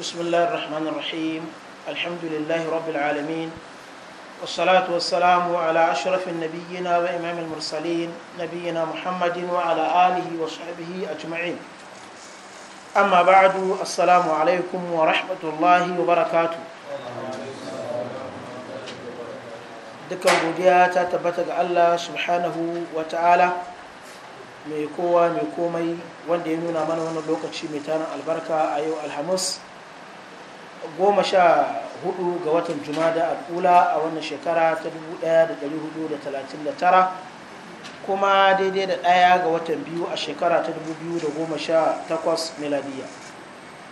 بسم الله الرحمن الرحيم الحمد لله رب العالمين والصلاة والسلام على أشرف النبيين وإمام المرسلين نبينا محمد وعلى آله وصحبه أجمعين أما بعد السلام عليكم ورحمة الله وبركاته dukkan godiya ta tabbata ga Allah subhanahu wa ta'ala mai kowa mai komai wanda ya nuna mana wannan lokaci mai tarin albarka a yau alhamis goma sha hudu ga watan jumada al'ula a wannan shekara ta 1439 kuma daidai da ɗaya ga watan biyu a shekara ta 2018 miladiya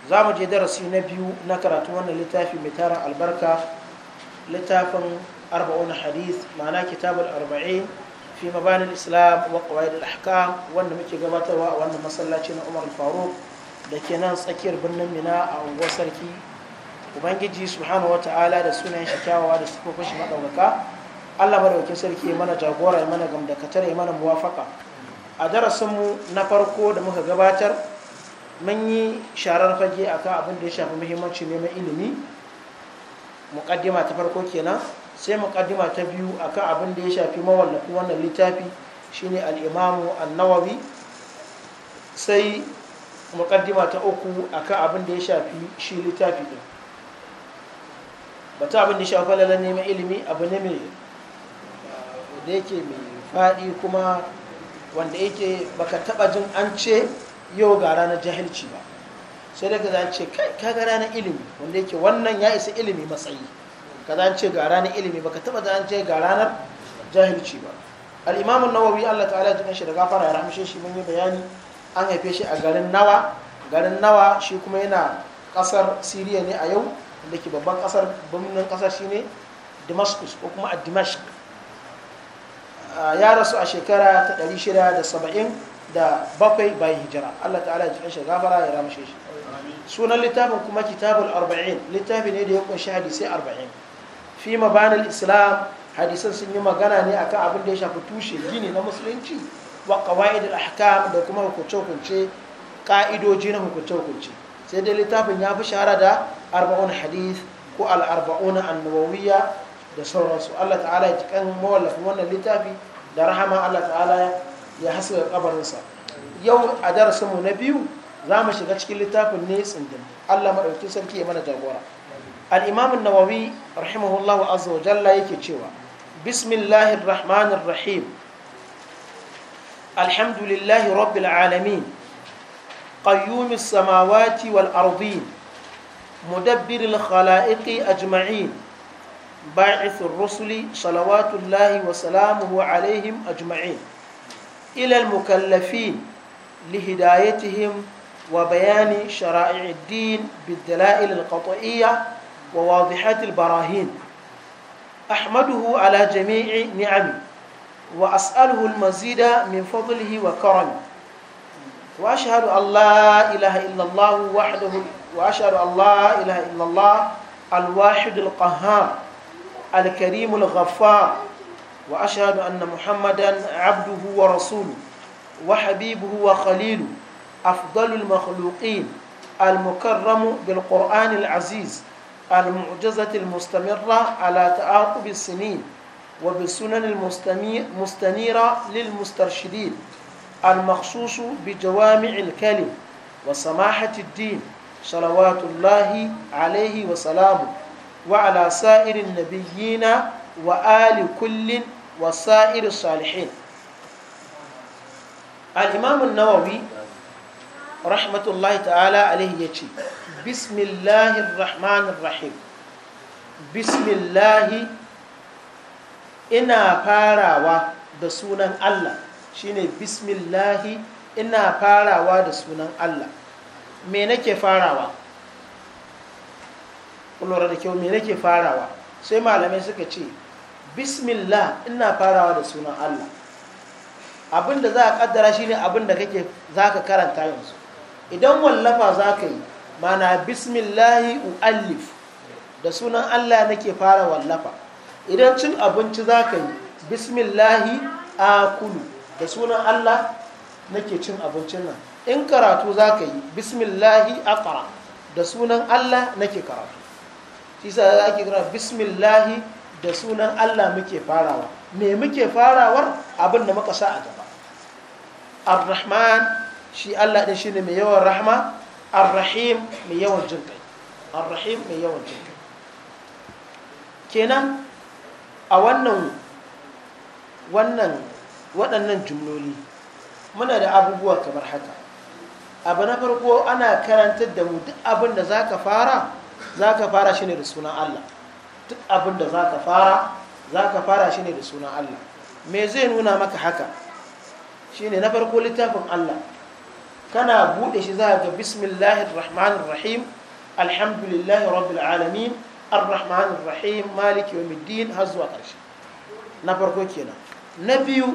za mu je darasi na biyu na karatu wannan littafi mai tarin albarka littafin arba'un hadith ma'ana kitabul arba'in fi mabanin islam wa qawaid al-ahkam wanda muke gabatarwa a wannan masallaci na umar faruk da ke nan tsakiyar birnin mina a unguwar sarki ubangiji subhanahu wataala da sunayen shi kyawawa da suka shi maɗaukaka Allah madaukakin sarki ya mana jagora ya mana gamdakatar ya mana muwafaka a darasinmu na farko da muka gabatar mun yi sharar fage a kan abin da ya shafi muhimmanci neman ilimi muqaddima ta farko kenan sai muqaddima ta biyu a kan abin da ya shafi mawallafi wannan littafi shine al'imamu imam an-Nawawi sai ta uku a kan abin da ya shafi shi littafi ɗin batu abin da shafa lalar neman ilimi abu ne mai da yake mai faɗi kuma wanda yake baka taba jin an ce yau ga ranar jahilci ba sai daga za ce kai kaga ranar ilimi wanda yake wannan ya isa ilimi matsayi ka an ce ga ranar ilimi baka taba da an ce ga ranar jahilci ba al'imamun nawawi allah ta'ala ya jikin shi da ya ramshe shi mun yi bayani an haife shi a garin nawa garin nawa shi kuma yana kasar siriya ne a yau wanda ke babban kasar birnin kasar shine damascus ko kuma a Dimash ah, ya rasu a shekara ta bakwai bayan hijira allah ta'ala ji shi gafara ya ramashe shi sunan littafin kuma kitabul arba'in littafi ne da ya kunshi hadisai arba'in fi banal islam hadisan sun yi magana ne akan abin da ya shafi tushe gini na musulunci wa qawaid al-ahkam da kuma hukunce-hukunce ka'idoji na hukunce-hukunce sai dai littafin ya fi shahara da arba'un hadith ko al'arba'una annawawiyya da sauransu Allah ta'ala ya cikin mawallafin wannan littafi da rahama Allah ta'ala ya haska kabarinsa yau a darasinmu na biyu za mu shiga cikin littafin ne tsindin Allah maɗauki sarki ya mana jagora al-imam an-nawawi rahimahullahu azza wa jalla yake cewa bismillahir rahmanir rahim alhamdulillahi rabbil alamin qayyumis samawati wal ardin مدبر الخلائق أجمعين باعث الرسل صلوات الله وسلامه عليهم أجمعين إلى المكلفين لهدايتهم وبيان شرائع الدين بالدلائل القطعية وواضحات البراهين أحمده على جميع نعمه وأسأله المزيد من فضله وكرمه وأشهد أن لا إله إلا الله وحده وأشهد أن لا إله إلا الله الواحد القهار الكريم الغفار وأشهد أن محمدا عبده ورسوله وحبيبه وخليله أفضل المخلوقين المكرم بالقرآن العزيز المعجزة المستمرة على تعاقب السنين وبالسنن المستنيرة للمسترشدين المخصوص بجوامع الكلم وسماحة الدين salawatullahi alaihi wa salamu wa ala sa'irin nabiyyina wa alikullin wa sa'ir salihin al-imam nawawi rahmatullahi ta'ala alaihi yace bismillahir rahmanir rahim bismillahi ina farawa da sunan Allah shine bismillahi ina farawa da sunan Allah me nake farawa lura da kyau me nake farawa sai malamai suka ce bismillah ina farawa da sunan Allah abin da za a kaddara shine abin da kake za ka karanta yanzu idan wallafa za ka yi mana bismillahi u'allif da sunan Allah nake fara wallafa idan cin abinci za ka yi bismillahi akulu da sunan Allah nake cin abincin nan in karatu za ka yi bismillahi aqra da sunan Allah nake karatu shi sa za ki kira bismillahi da sunan Allah muke farawa me muke farawar abin da muka sa a gaba ar-rahman shi Allah din shine mai yawan rahma ar-rahim mai yawan jin kai ar-rahim mai yawan jin kai kenan a wannan wannan waɗannan jumloli muna da abubuwa kamar haka abu na farko ana karantar da mu duk abin da za ka fara za ka fara shi ne da sunan Allah duk abin da za ka fara za ka fara shi ne da sunan Allah me zai nuna maka haka shi ne na farko littafin Allah kana buɗe shi za ga bismillahir rahmanir rahim alhamdulillahi rabbil alamin arrahmanir rahim maliki yawmiddin har zuwa ƙarshe na farko kenan na biyu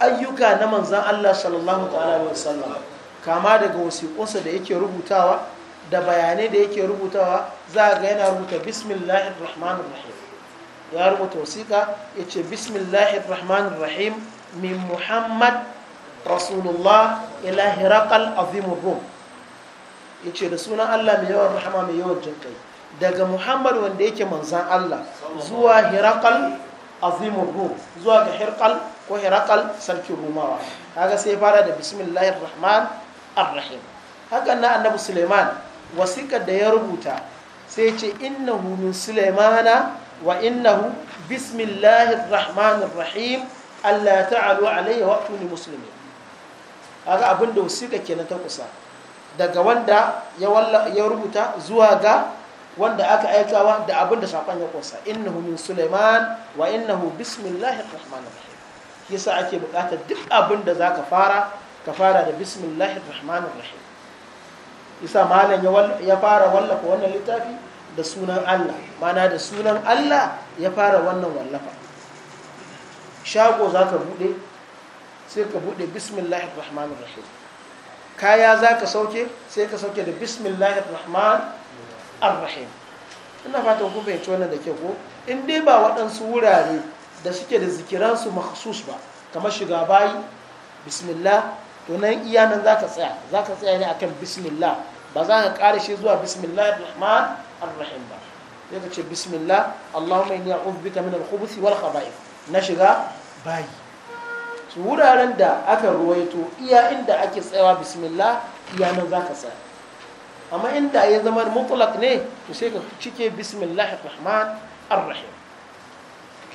ayyuka na manzan Allah sallallahu ta'ala wa sallam kama daga wasiƙunsa da yake rubutawa da bayanai da yake rubutawa za a ga yana rubuta bismillahir rahmanir rahim ya rubuta wasiƙa ya ce bismillahir rahmanir rahim min muhammad rasulullah ila hiraqal azim rum ya ce da sunan Allah mai yawan rahama mai yawan jinƙai daga muhammad wanda yake manzan Allah zuwa hiraqal azim rum zuwa ga hirqal ko herakal sarkin rumawa kaga sai fara da bismillahir rahman arrahim hakan na annabi suleiman wasikar da ya rubuta sai ce innahu min suleimana wa innahu bismillahir rahmanir rahim allah ta'alu alayya wa tuni muslimin kaga abin da wasika kenan ta kusa daga wanda ya rubuta zuwa ga wanda aka aikawa da abin da ya kusa innahu min suleiman wa innahu bismillahir rahmanir rahim yasa ake bukatar duk abin da za ka fara ka fara da bismillahir rahmanir rahim isa malam ya fara wallafa wannan littafi da sunan Allah mana da sunan Allah ya fara wannan wallafa shago za ka bude sai ka bude bismillahir rahmanir rahim kaya za ka sauke sai ka sauke da bismillahir rahman rahim ina fata kun fahimci wannan da ke ko in dai ba waɗansu wurare da suke da zikiransu makhsus ba kamar shiga bayi bismillah to nan iya nan za ka tsaya za ka tsaya ne akan bismillah ba za ka ƙara shi zuwa bismillah rahman arrahim ba sai ka ce bismillah allahumma inni a'udhu bika min al-khubuthi wal khaba'ith na shiga bayi su wuraren da aka ruwaito iya inda ake tsayawa bismillah iya nan za ka tsaya amma inda ya zama mutlaq ne to sai ka cike bismillah rahman arrahim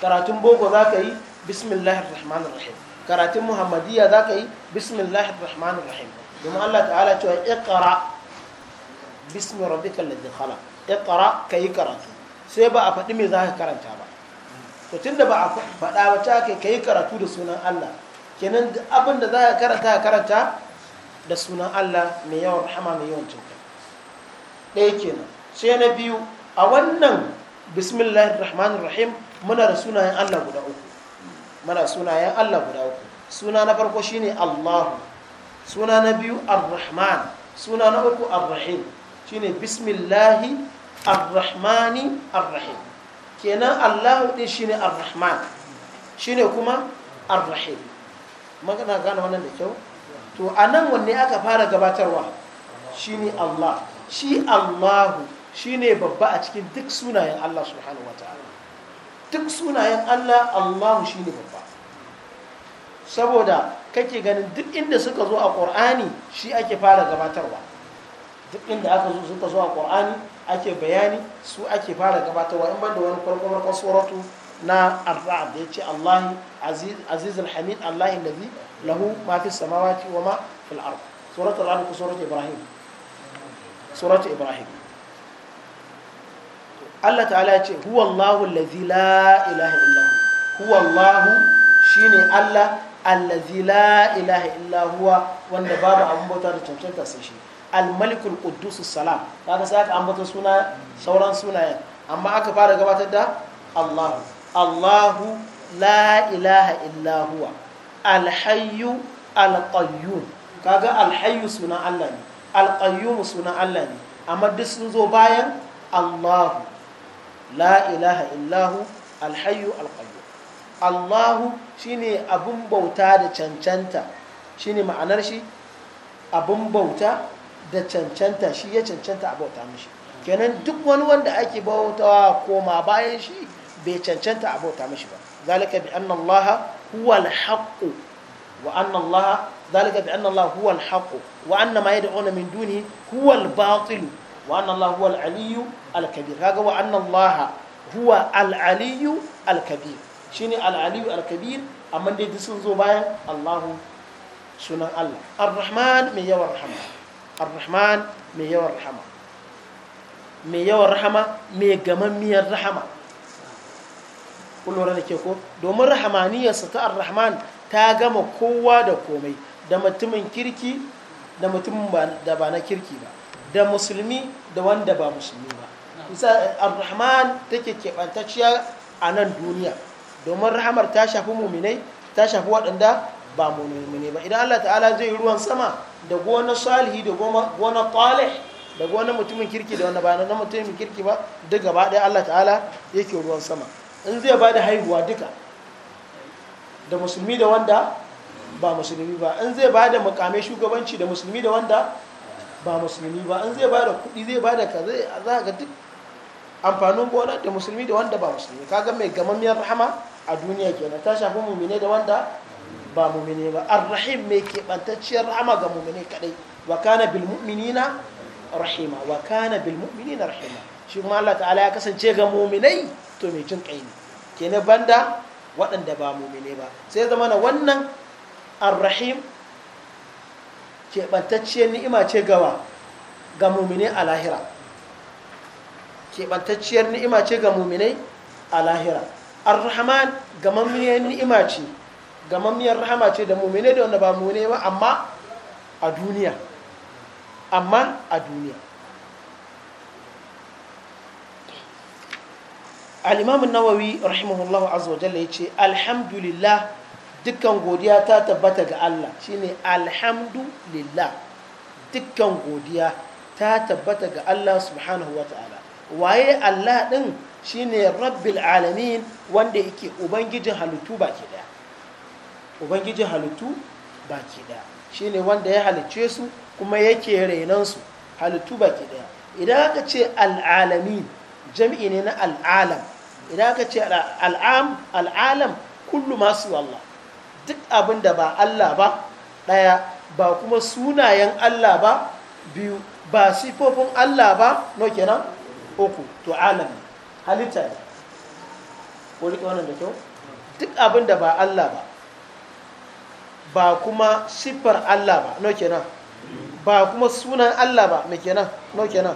karatun boko za ka yi bismillahir rahmanir rahim karatun muhammadiyya za ka yi bismillahir rahmanir rahim domin Allah ta'ala cewa iqra bismi rabbikal ladhi khalaq iqra kai karatu sai ba a faɗi me za ka karanta ba to tunda ba a faɗa ba ta kai kai karatu da sunan Allah kenan abin da za ka karanta ka karanta da sunan Allah mai yawan rahama mai yawan jinkai ɗaya kenan sai na biyu a wannan bismillahir rahmanir rahim muna da sunayen Allah guda uku muna sunayen Allah guda uku suna na farko shine Allahu suna na biyu Ar-Rahman suna na uku Ar-Rahim shine bismillahi Ar-Rahmani Ar-Rahim kenan Allahu din shine Ar-Rahman shine kuma Ar-Rahim magana gane wannan da kyau to anan wanne aka fara gabatarwa shine Allah shi Allahu shine babba a cikin duk sunayen Allah subhanahu wataala duk sunayen Allah Allahu shi ne babba saboda kake ganin duk inda suka zo a ƙur'ani shi ake fara gabatarwa duk inda aka zo suka zo a ƙur'ani ake bayani su ake fara gabatarwa in banda wani farko farkon na arza'a da ya ce Allah aziz alhamid Allah indazi lahu ma fi samawati wa ma fil ard ibrahim suratul ibrahim Allah ta'ala ya ce huwa Allahu allazi la ilaha illa huwa Allahu shine Allah allazi la ilaha illa huwa wanda babu abun bauta da cancanta sai shi al-malikul quddus salam kaga sai aka ambata suna sauran sunayen amma aka fara gabatar da Allahu Allahu la ilaha illa huwa al-hayyu al-qayyum kaga al-hayyu suna Allah ne al-qayyum suna Allah ne amma duk sun zo bayan Allahu la ilaha illahu alhayu alqayyum allahu shine abun bauta da cancanta shine ma'anar shi abun bauta da cancanta shi ya cancanta a bauta mishi kenan duk wani wanda ake bautawa koma bayan shi bai cancanta a bauta mishi ba zalika bi anna allah huwa alhaq wa anna allah zalika bi anna allah huwa alhaq wa anna ma yad'una min duni huwa albatil wa anna allah huwa aliyyu al-kabir kaga wa anna laha huwa al aliyu al-kabir shine al aliyu al-kabir amma dai duk sun zo bayan Allahu sunan Allah ar-rahman mai yawan rahama ar-rahman mai yawan rahama mai yawan rahama mai gamammiyar rahama kun da ke ko domin rahamaniyarsa ta ar-rahman ta gama kowa da komai da mutumin kirki da mutumin da ba na kirki ba da musulmi da wanda ba musulmi ba isa eh, rahman take keɓantacciya a nan duniya domin rahamar ta shafi muminai ta shafi waɗanda ba muminai ba idan Allah ta'ala zai yi ruwan sama da gona salihi da gona ƙwale da gona mutumin kirki da wanda ba na mutumin kirki ba duk gaba ɗaya Allah ta'ala yake ruwan sama in zai ba da haihuwa duka da musulmi da wanda ba musulmi ba in zai ba da mukamai shugabanci da musulmi da wanda ba musulmi ba in zai ba da kuɗi zai ba da zai za ga duk amfanin gona da musulmi da wanda ba musulmi kaga mai gamammiyar rahama a duniya kenan ta shafi mumine da wanda ba mumine ba arrahim mai keɓantacciyar rahama ga mumine kadai wa kana bil mu'minina rahima wa kana bil mu'minina rahima shi kuma Allah ta'ala ya kasance ga muminai to mai jin kai ne kenan banda waɗanda ba mumine ba sai zama na wannan arrahim keɓantacciyar ni'ima ce gawa ga mumine a lahira keɓantacciyar ni'ima ce ga muminai a lahira ar-rahman gamammiyar ni'ima ce gamammiyar rahama ce da muminai da wanda ba muminai ba amma a duniya amma a duniya al nawawi rahimahullahu azza wa jalla yace alhamdulillah dukkan godiya ta tabbata ga Allah shine alhamdulillah dukkan godiya ta tabbata ga Allah subhanahu wa ta'ala waye Allah din shine rabbil alamin wanda yake ubangijin halittu baki daya ubangijin halittu baki daya shine wanda ya halicce su kuma yake renan su halittu baki daya idan aka ce al'alamin jam'i ne na al'alam idan aka ce al'am al'alam kullu masu Allah duk abin da ba Allah ba ɗaya ba kuma sunayen Allah ba biyu ba sifofin Allah ba no kenan uku to alami halitta ne ko riƙe wannan da kyau duk abin da ba Allah ba ba kuma siffar Allah ba no kenan ba kuma sunan Allah ba me kenan no kenan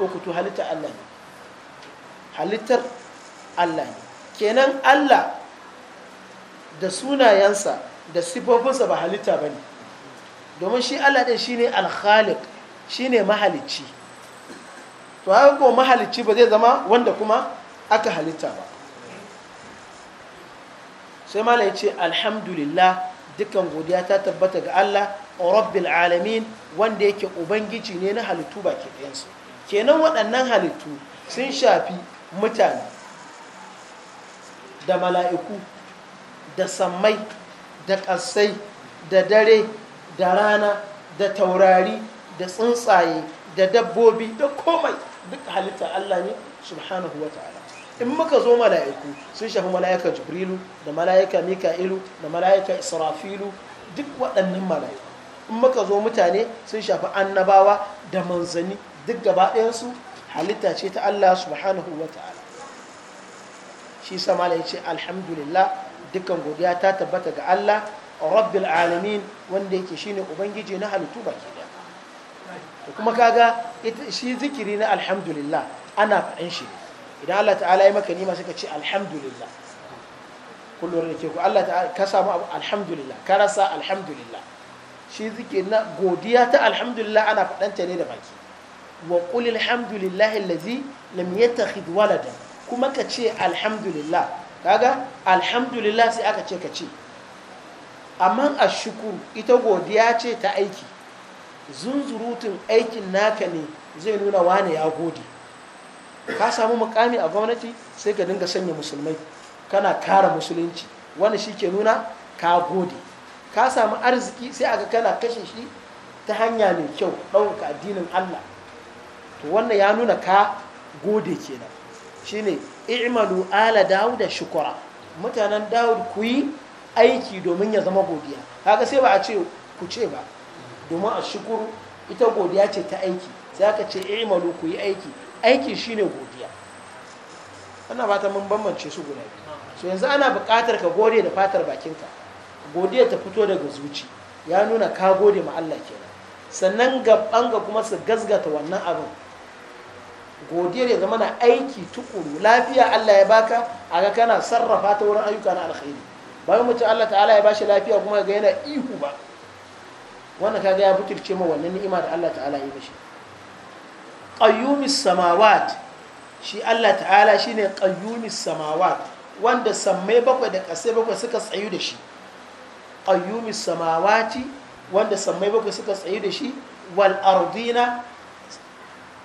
uku to halitta Allah ne halittar Allah ne kenan Allah da sunayensa da siffofinsa ba halitta ba ne domin shi Allah ɗin shi ne alkhalik shi ne mahalicci to haka mahalicci ba zai zama wanda kuma aka halitta ba sai mala ya ce alhamdulillah dukkan godiya ta tabbata ga Allah rabbil alamin wanda yake ubangiji ne na halittu ba ke ɗayansu kenan waɗannan halittu sun shafi mutane da mala'iku da sammai da ƙasai da dare da rana da taurari da tsuntsaye da dabbobi da komai duk halitta Allah ne subhanahu wa ta'ala in muka zo mala'iku sun shafi mala'ika jibrilu da mala'ika mika'ilu da mala'ika israfilu duk waɗannan mala'iku in muka zo mutane sun shafi annabawa da manzani duk gaba ɗayansu halitta ce ta Allah subhanahu wa ta'ala shi sama ya ce alhamdulillah dukkan godiya ta tabbata ga Allah rabbil alamin wanda yake shine ubangiji na halittu baki kuma kaga shi zikiri na alhamdulillah ana fa'in shi idan Allah ta'ala ya maka nima suka ce alhamdulillah kullum da ke ku Allah ta'ala ka samu abu alhamdulillah ka rasa alhamdulillah shi zikiri na godiya ta alhamdulillah ana ta ne da baki wa qul alhamdulillahi allazi lam yattakhidh walada kuma ka ce alhamdulillah kaga alhamdulillah sai aka ce ka ce amma ashukuru ita godiya ce ta aiki zunzurutun aikin naka ne zai nuna wane ya gode ka samu mukami a gwamnati sai ka dinga sanya musulmai kana kara musulunci wani shi ke nuna ka gode ka samu arziki sai aka kana kashe shi ta hanya mai kyau ɗaukaka addinin allah to wannan ya nuna ka gode kenan shine i'malu ala Dawud da shukura mutanen dawud ku yi aiki domin ya zama godiya kaga sai ba a ce ku ce ba domin a shukuru ita godiya ce ta aiki sai aka ce malu ku yi aiki aiki shine godiya ana fata mun bambance su guda biyu so yanzu ana buƙatar ka gode da fatar bakinka godiya ta fito daga zuci ya nuna ka gode ma Allah kenan sannan gaban ga kuma su gazgata wannan abin godiyar ya zama na aiki tukuru lafiya Allah ya baka a ga kana sarrafa ta wurin ayyuka na alkhairi bayan mutum Allah ta'ala ya bashi lafiya kuma ga yana ihu ba wannan ta ya butulce ma wannan ni'ima da Allah ta'ala ya bashi. qayyumis samawat shi Allah ta'ala shine qayyumis samawat wanda sammai bakwai da ƙasai bakwai suka tsayu da shi qayyumis samawati wanda sammai bakwai suka tsayu da shi wal ardina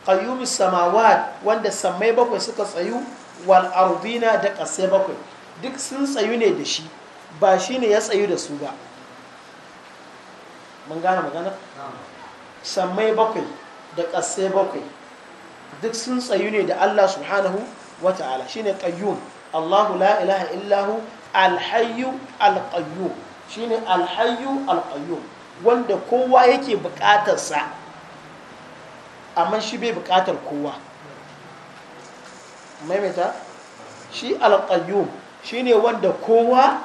qayyumis samawat wanda sammai bakwai suka tsayu wal ardina da ƙasai bakwai duk sun tsayu ne da shi ba shine ya tsayu da su ba mun gane magana sammai bakwai da ƙasai bakwai duk sun tsayu ne da Allah subhanahu wa ta'ala shine qayyum Allahu la ilaha illahu alhayyu shi shine alhayu alqayyum wanda kowa yake buƙatarsa amma shi bai buƙatar kowa maimaita shi shi shine wanda kowa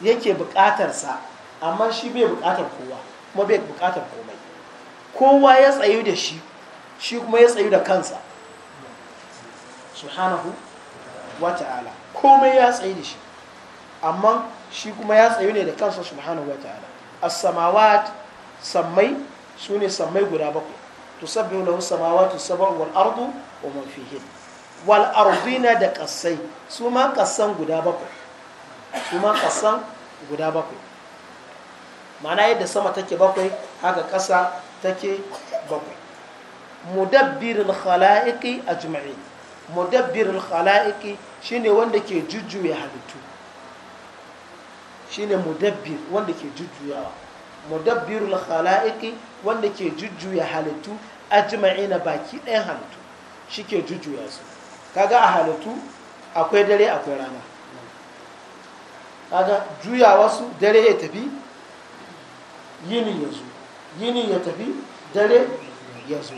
yake buƙatarsa amma shi bai buƙatar kowa kuma bai buƙatar komai kowa ya tsayu da shi shi kuma ya tsayu da kansa subhanahu wa ta'ala komai ya tsayu da shi amma shi kuma ya tsayu ne da kansa subhanahu wa ta'ala as-samawat sammai su ne sammai guda bakwai tusabbihu lahu samawati sab'u wal ardu wa man fihinna wal ardina da kasai su ma guda bakwai su ma kasan guda bakwai ma'ana yadda sama take bakwai haka ƙasa take bakwai mudabbirul khala'iqi ajma'in mudabbirul khala'iqi shine wanda ke jujjuya halittu shine mudabbir wanda ke jujjuyawa mudabbirul khala'iki wanda ke jujjuya halittu a na baki ɗayan halittu shi ke jujjuya su kaga a halittu akwai dare akwai rana kaga juya wasu dare ya tafi yini ya zo yini ya tafi dare ya zo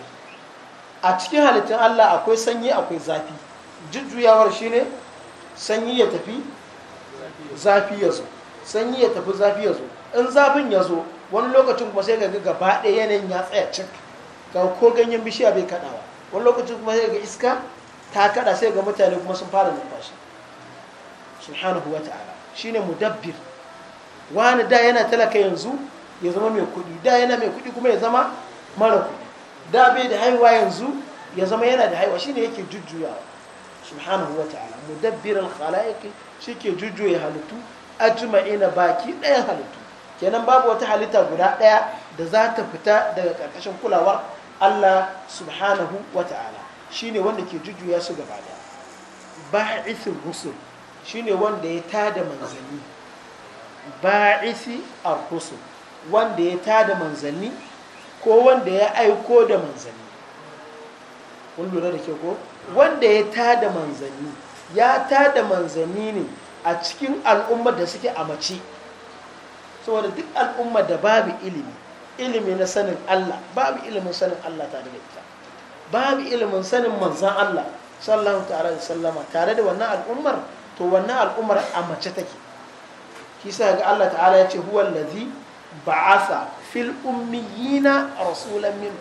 a cikin halittun allah akwai sanyi akwai zafi jujjuyawar shi ne sanyi ya tafi zafi ya zo sanyi ya tafi zafi ya zo in zafin ya zo wani lokacin kuma sai ga gaba ɗaya yanayin ya tsaya cik ga ko ganyen bishiya bai kaɗawa wani lokacin kuma sai ga iska ta kaɗa sai ga mutane kuma sun fara numfashi subhanahu wa ta'ala shine mudabbir wani da yana talaka yanzu ya zama mai kuɗi da yana mai kuɗi kuma ya zama mara kuɗi da bai da haihuwa yanzu ya zama yana da haihuwa shine yake jujjuya subhanahu wa ta'ala mudabbir khalaiq shike jujjuya halittu ajma'ina baki ɗaya halittu kenan babu wata halitta guda ɗaya da za ta fita daga ƙarƙashin kulawar Allah subhanahu wa ta'ala shine wanda ke jujjuya su gaba ɗaya ba'ithur rusul shine wanda ya tada manzanni ba'isi ar-rusul wanda ya tada manzanni ko wanda ya aiko da manzanni kun lura da ke ko wanda ya tada manzanni ya tada manzanni ne a cikin al'ummar da suke a mace saboda duk al'ummar da babu ilimi ilimi na sanin Allah babu ilimin sanin Allah tare da ita babu ilimin sanin manzan Allah sallallahu ta'ala da sallama tare da wannan al'ummar to wannan al'ummar a mace take kisa ga Allah ta'ala ya ce huwa allazi ba'asa fil ummiyina rasulan min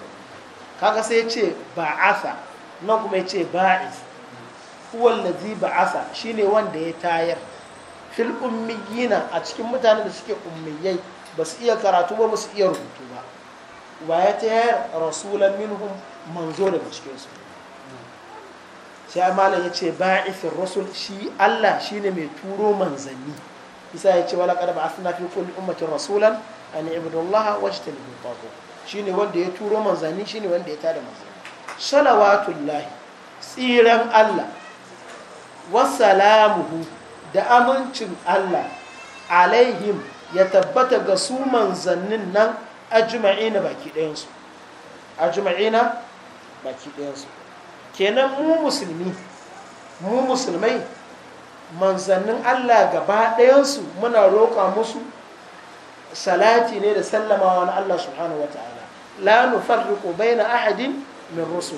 kaga sai ce ba'asa nan kuma yace ba'is huwal ladzi ba'asa shine wanda ya tayar fil ummiyina a cikin mutanen da suke ummiyai ba su iya karatu ba ba su iya rubutu ba wa ya tayar rasulan minhum manzo daga cikin su sai malam ya ce ba'ithir rasul shi Allah shine mai turo manzanni isa ya ce wala qad ba'athna fi kulli ummatin rasulan an ibdullaha wajtanibu shi shine wanda ya turo manzanni shine wanda ya tada manzanni salawatullahi tsiran Allah wasalamuhu da amincin Allah alaihim ya tabbata ga su manzannin nan ajma'ina baki ɗayansu ajma'ina baki ɗayansu kenan mu musulmi mu musulmai manzannin Allah gaba ɗayansu muna roƙa musu salati ne da sallamawa na Allah subhanahu wata'ala la nufarriqu baina ahadin min rusul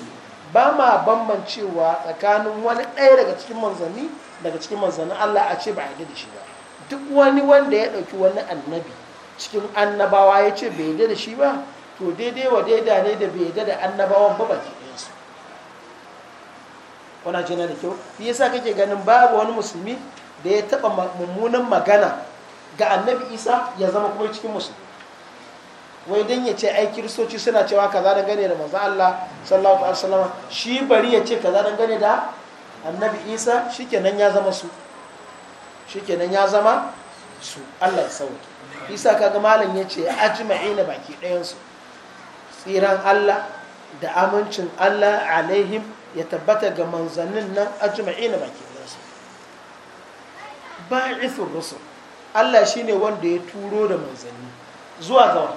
ba ma bambancewa tsakanin wani ɗaya daga cikin manzanni daga cikin manzanni Allah a ce ba a da shi ba duk wani wanda ya ɗauki wani annabi cikin annabawa ya ce bai yadda da shi ba to daidai wa daida ne da bai yadda da annabawan ba baki ɗayansu kuna jina da kyau yasa kake ganin babu wani musulmi da ya taɓa mummunan magana ga annabi isa ya zama kuma cikin musulmi wai dan ya ce ai kiristoci suna cewa kaza dangane da manzo Allah sallallahu alaihi wasallam shi bari ya ce kaza dangane da annabi isa shikenan ya zama su shikenan ya zama su Allah ya sauke isa kaga malam ya ce ajma'ina baki ɗayan su tsiran Allah da amincin Allah alaihim ya tabbata ga manzannin nan ajma'ina baki ɗayan su ba'ithur rusul Allah shi ne wanda ya turo da manzanni zuwa ga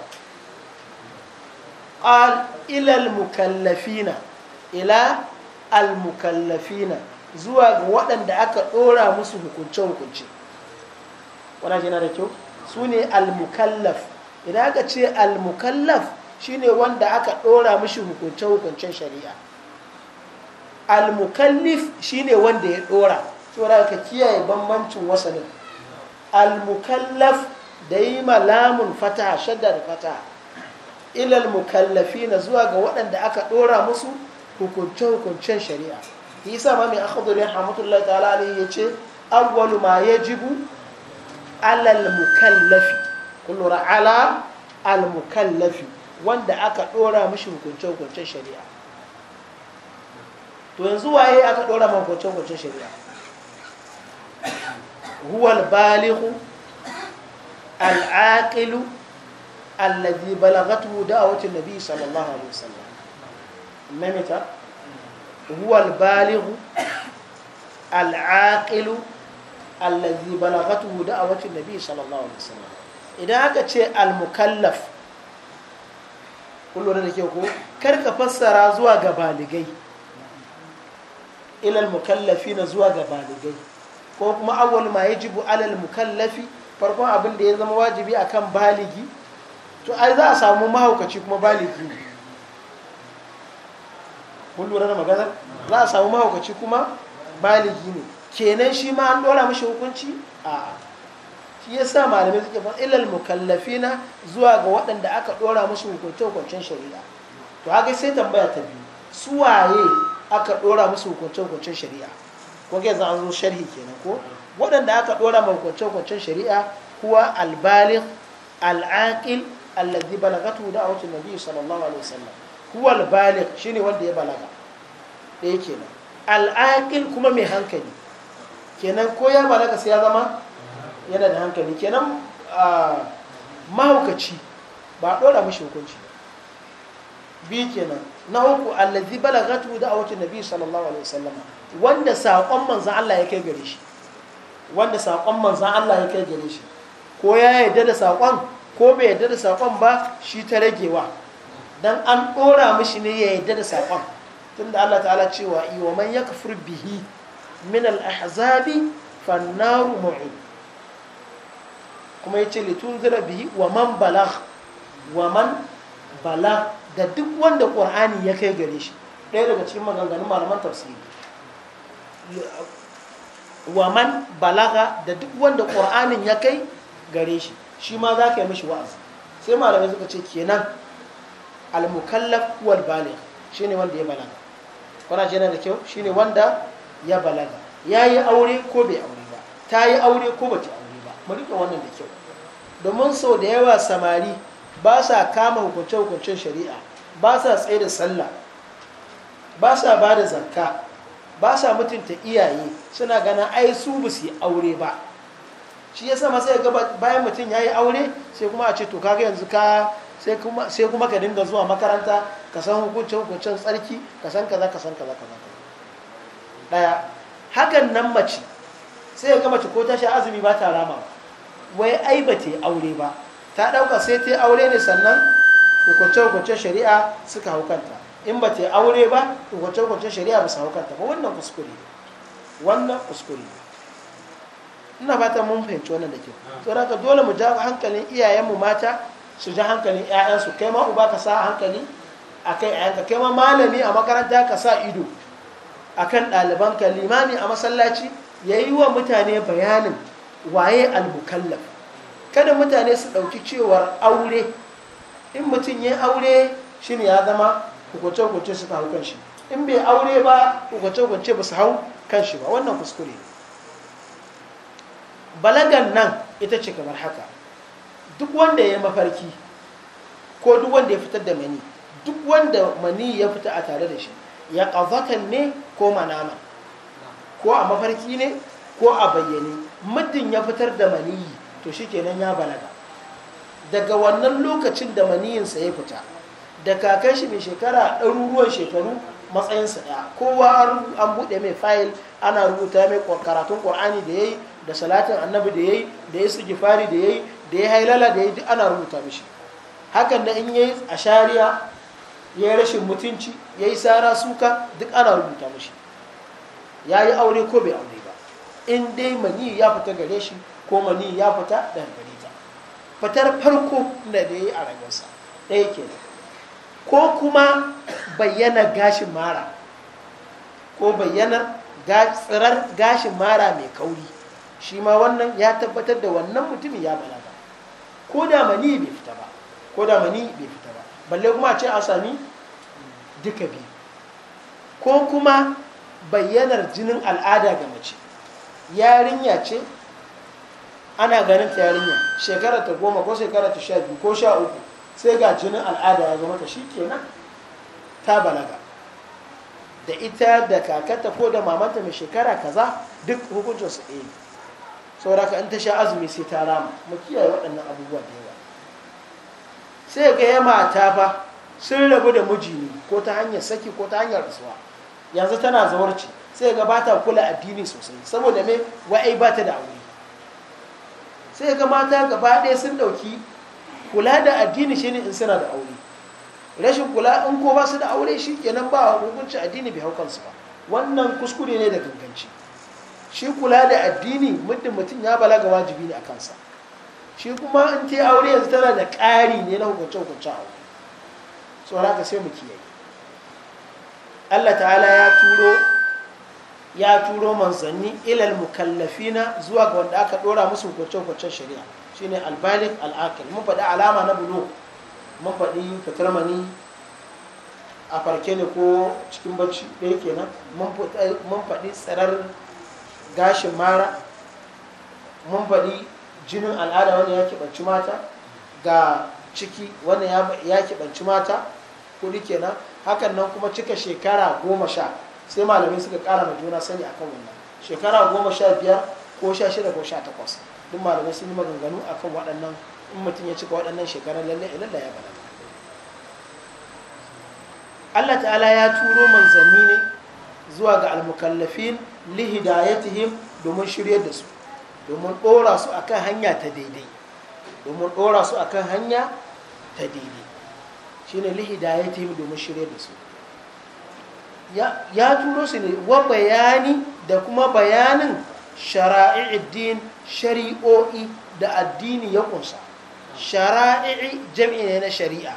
al ilal mukallafina ila al mukallafina zuwa ga waɗanda aka ɗora musu hukunce-hukunce wana jina da kyau su ne al-mukallaf idan aka ce al-mukallaf shi ne wanda aka ɗora musu hukunce-hukuncen shari'a al-mukallif shi ne wanda ya ɗora saboda ka kiyaye bambancin wasanin al-mukallaf da yi malamun fata shaddar fata ilal mukallafi na zuwa ga waɗanda aka ɗora musu hukunce-hukuncen shari'a isa ma mai akhadurin hamdulillah ta'ala ne ya ce awwalu ma yajibu alal mukallafi kullura ala al mukallafi wanda aka ɗora mashi hukunce-hukuncen shari'a to yanzu waye aka ɗora ma hukunce-hukuncen shari'a huwal balighu al'aqilu alladhi balagatu da'watu nabi sallallahu alaihi wasallam mamita huwal balighu al'aqilu alladhi balagatu da'watu nabi sallallahu alaihi wasallam idan aka ce al-mukallaf kullum da ke ko karka fassara zuwa ga baligai ilal mukallafi na zuwa ga baligai ko kuma awwal ma yajibu alal mukallafi farkon abin da ya zama wajibi akan baligi to ai za a samu mahaukaci kuma baligi ne kun lura da magana za a samu mahaukaci kuma baligi ne kenan shi ma an dora mashi hukunci a shi ya sa malamai suke fa ilal mukallafina zuwa ga waɗanda aka dora mashi hukunce hukuncen shari'a to haka sai tambaya ta biyu su waye aka dora musu hukunce hukuncen shari'a kun yanzu an zo sharhi kenan ko waɗanda aka ɗora ma hukunce-hukuncen shari'a huwa albaligh al'aqil alladhi balagatu da'watu nabi sallallahu alaihi wasallam huwa albaligh shine wanda ya balaga ɗaya kenan al'aqil kuma mai hankali kenan ko ya balaga sai ya zama yana da hankali kenan mahaukaci ba a ɗora mashi hukunci bi kenan na uku allazi balagatu da'awatu nabi sallallahu alaihi wasallam wanda saƙon manzan Allah ya kai gare shi wanda saƙon manzan Allah ya kai gare shi ko ya yarda da saƙon ko bai yarda da saƙon ba shi ta ragewa dan an ɗora mishi ne ya yarda da saƙon tunda Allah ta'ala cewa iwa man yakfur bihi min al-ahzabi fannaru mu'in kuma yace litunzira bihi wa man balagh wa man balagh Da duk wanda ƙur'ani ya kai gare shi ɗaya daga cikin maganganun malaman tafsiri man balaga da duk wanda ƙur'anin ya kai gare shi shi ma za ka yi mishi wa'azi sai malamai suka ce kenan al-mukallaf wal Shi shine wanda ya balaga kuna jina da kyau shine wanda ya balaga yayi aure ko bai aure ba ta yi aure ko bata aure ba mu rike wannan da kyau domin sau da yawa samari ba sa kama hukunce-hukuncen shari'a ba sa tsaye da sallah ba sa ba da zakka ba sa mutunta iyaye suna gana ai su ba su yi aure ba shi ya sama sai ga bayan mutum ya yi aure sai kuma a ce to kaga yanzu ka sai kuma ka dinga zuwa makaranta ka san hukuncin tsarki ka san kaza ka san kaza kaza daya hakan nan mace sai ga mace ko ta azumi ba ta rama wai ai ba ta yi aure ba ta ɗauka sai ta aure ne sannan hukunce-hukuncen shari'a suka haukanta in ba ta aure ba hukunce-hukuncen shari'a ba su haukanta ba wannan kuskure wannan kuskure ina fata mun fahimci wannan da ke tsoron ka dole mu ja hankalin iyayenmu mata su ja hankalin 'ya'yansu kai ma uba ka sa hankali a kai 'ya'yanka kai ma malami a makaranta ka sa ido a kan ɗalibanka limami a masallaci ya yi wa mutane bayanin waye al kada mutane su ɗauki cewar aure in mutum ya aure shi ne ya zama kukwace hukunce su hau kanshi in bai aure ba kukwace hukunce ba su hau kanshi ba wannan kuskure balagan nan ita ce kamar haka duk wanda ya mafarki ko duk wanda ya fitar da mani duk wanda mani ya fita a tare da shi ya ƙazakan ne ko manama ko a mafarki ne ko a bayyane muddin ya fitar da maniyi to shikenan ya balaga daga wannan lokacin da maniyinsa ya fita da kakai shi mai shekara ɗaruruwan shekaru matsayinsa ɗaya kowa an buɗe mai fayil ana rubuta mai karatun ƙwar'ani da ya yi da salatin annabi da ya yi da ya fari da ya yi da ya hailala da ya yi ana rubuta mishi hakan da in ya yi a shariya ya yi rashin mutunci ya yi sara suka duk ana rubuta mishi ya yi aure ko bai aure ba in dai mani ya fita gare shi ko mani ya fita daga gare ta fitar farko da da ya yi a ragarsa ɗaya ke ko kuma bayyana gashin mara ko bayyana tsirar gashin mara mai kauri shi ma wannan ya tabbatar da wannan mutumin ya ba, ko da mani bai fita ba ko da mani bai fita ba balle kuma a ce a sami duka biyu ko kuma bayyanar jinin al'ada ga mace yarinya ce ana ganin ta yarinya shekara ta goma ko shekara ta sha biyu ko sha uku sai ga jinin al'ada ya zama ta shi kenan ta balaga da ita da kakata ko da mamanta mai shekara kaza duk hukuncin su ɗaya saboda ka in ta sha azumi sai ta rama mu kiyaye waɗannan abubuwa da yawa sai ga ya mata fa sun rabu da miji ne ko ta hanyar saki ko ta hanyar rasuwa yanzu tana zawarci sai ga ba ta kula addini sosai saboda me wa'ai ba ta da aure sai ga mata gaba ɗaya sun ɗauki kula da addini shine in suna da aure rashin kula in ko ba su da aure shi kenan ba hukunci addini bai hau kansu ba wannan kuskure ne da ganganci shi kula da addini muddin mutum ya ga wajibi ne a kansa shi kuma in ta aure yanzu tana da ƙari ne na hukunce hukunce aure tsoron sai mu kiyaye Allah ta'ala ya turo ya turo manzanni ilal na zuwa ga wanda aka dora musu hukunce-hukuncen shari'a shine albalik al'akil mun faɗi alama na bulu mun faɗi fitar mani a farke ne ko cikin bacci ɗaya kenan mun faɗi tsirar gashin mara mun faɗi jinin al'ada wanda ya kiɓanci mata ga ciki wanda ya kiɓanci mata kuɗi kenan hakan nan kuma cika shekara goma sha sai malamai suka kara ma juna sani akan wannan shekara goma sha biyar ko sha shida ko sha takwas duk malamai sun yi maganganu akan waɗannan in mutum ya cika waɗannan shekarar lalle da ya balaga Allah ta'ala ya turo manzanni ne zuwa ga almukallafin lihidayatihim domin shiryar da su domin ɗora su akan hanya ta daidai domin ɗora su akan hanya ta daidai shine lihidayatihim domin shiryar da su ya turo su ne wa bayani da kuma bayanin shara'i'id shari'o'i da addini ya kunsa shara'i'i jam'i ne na shari'a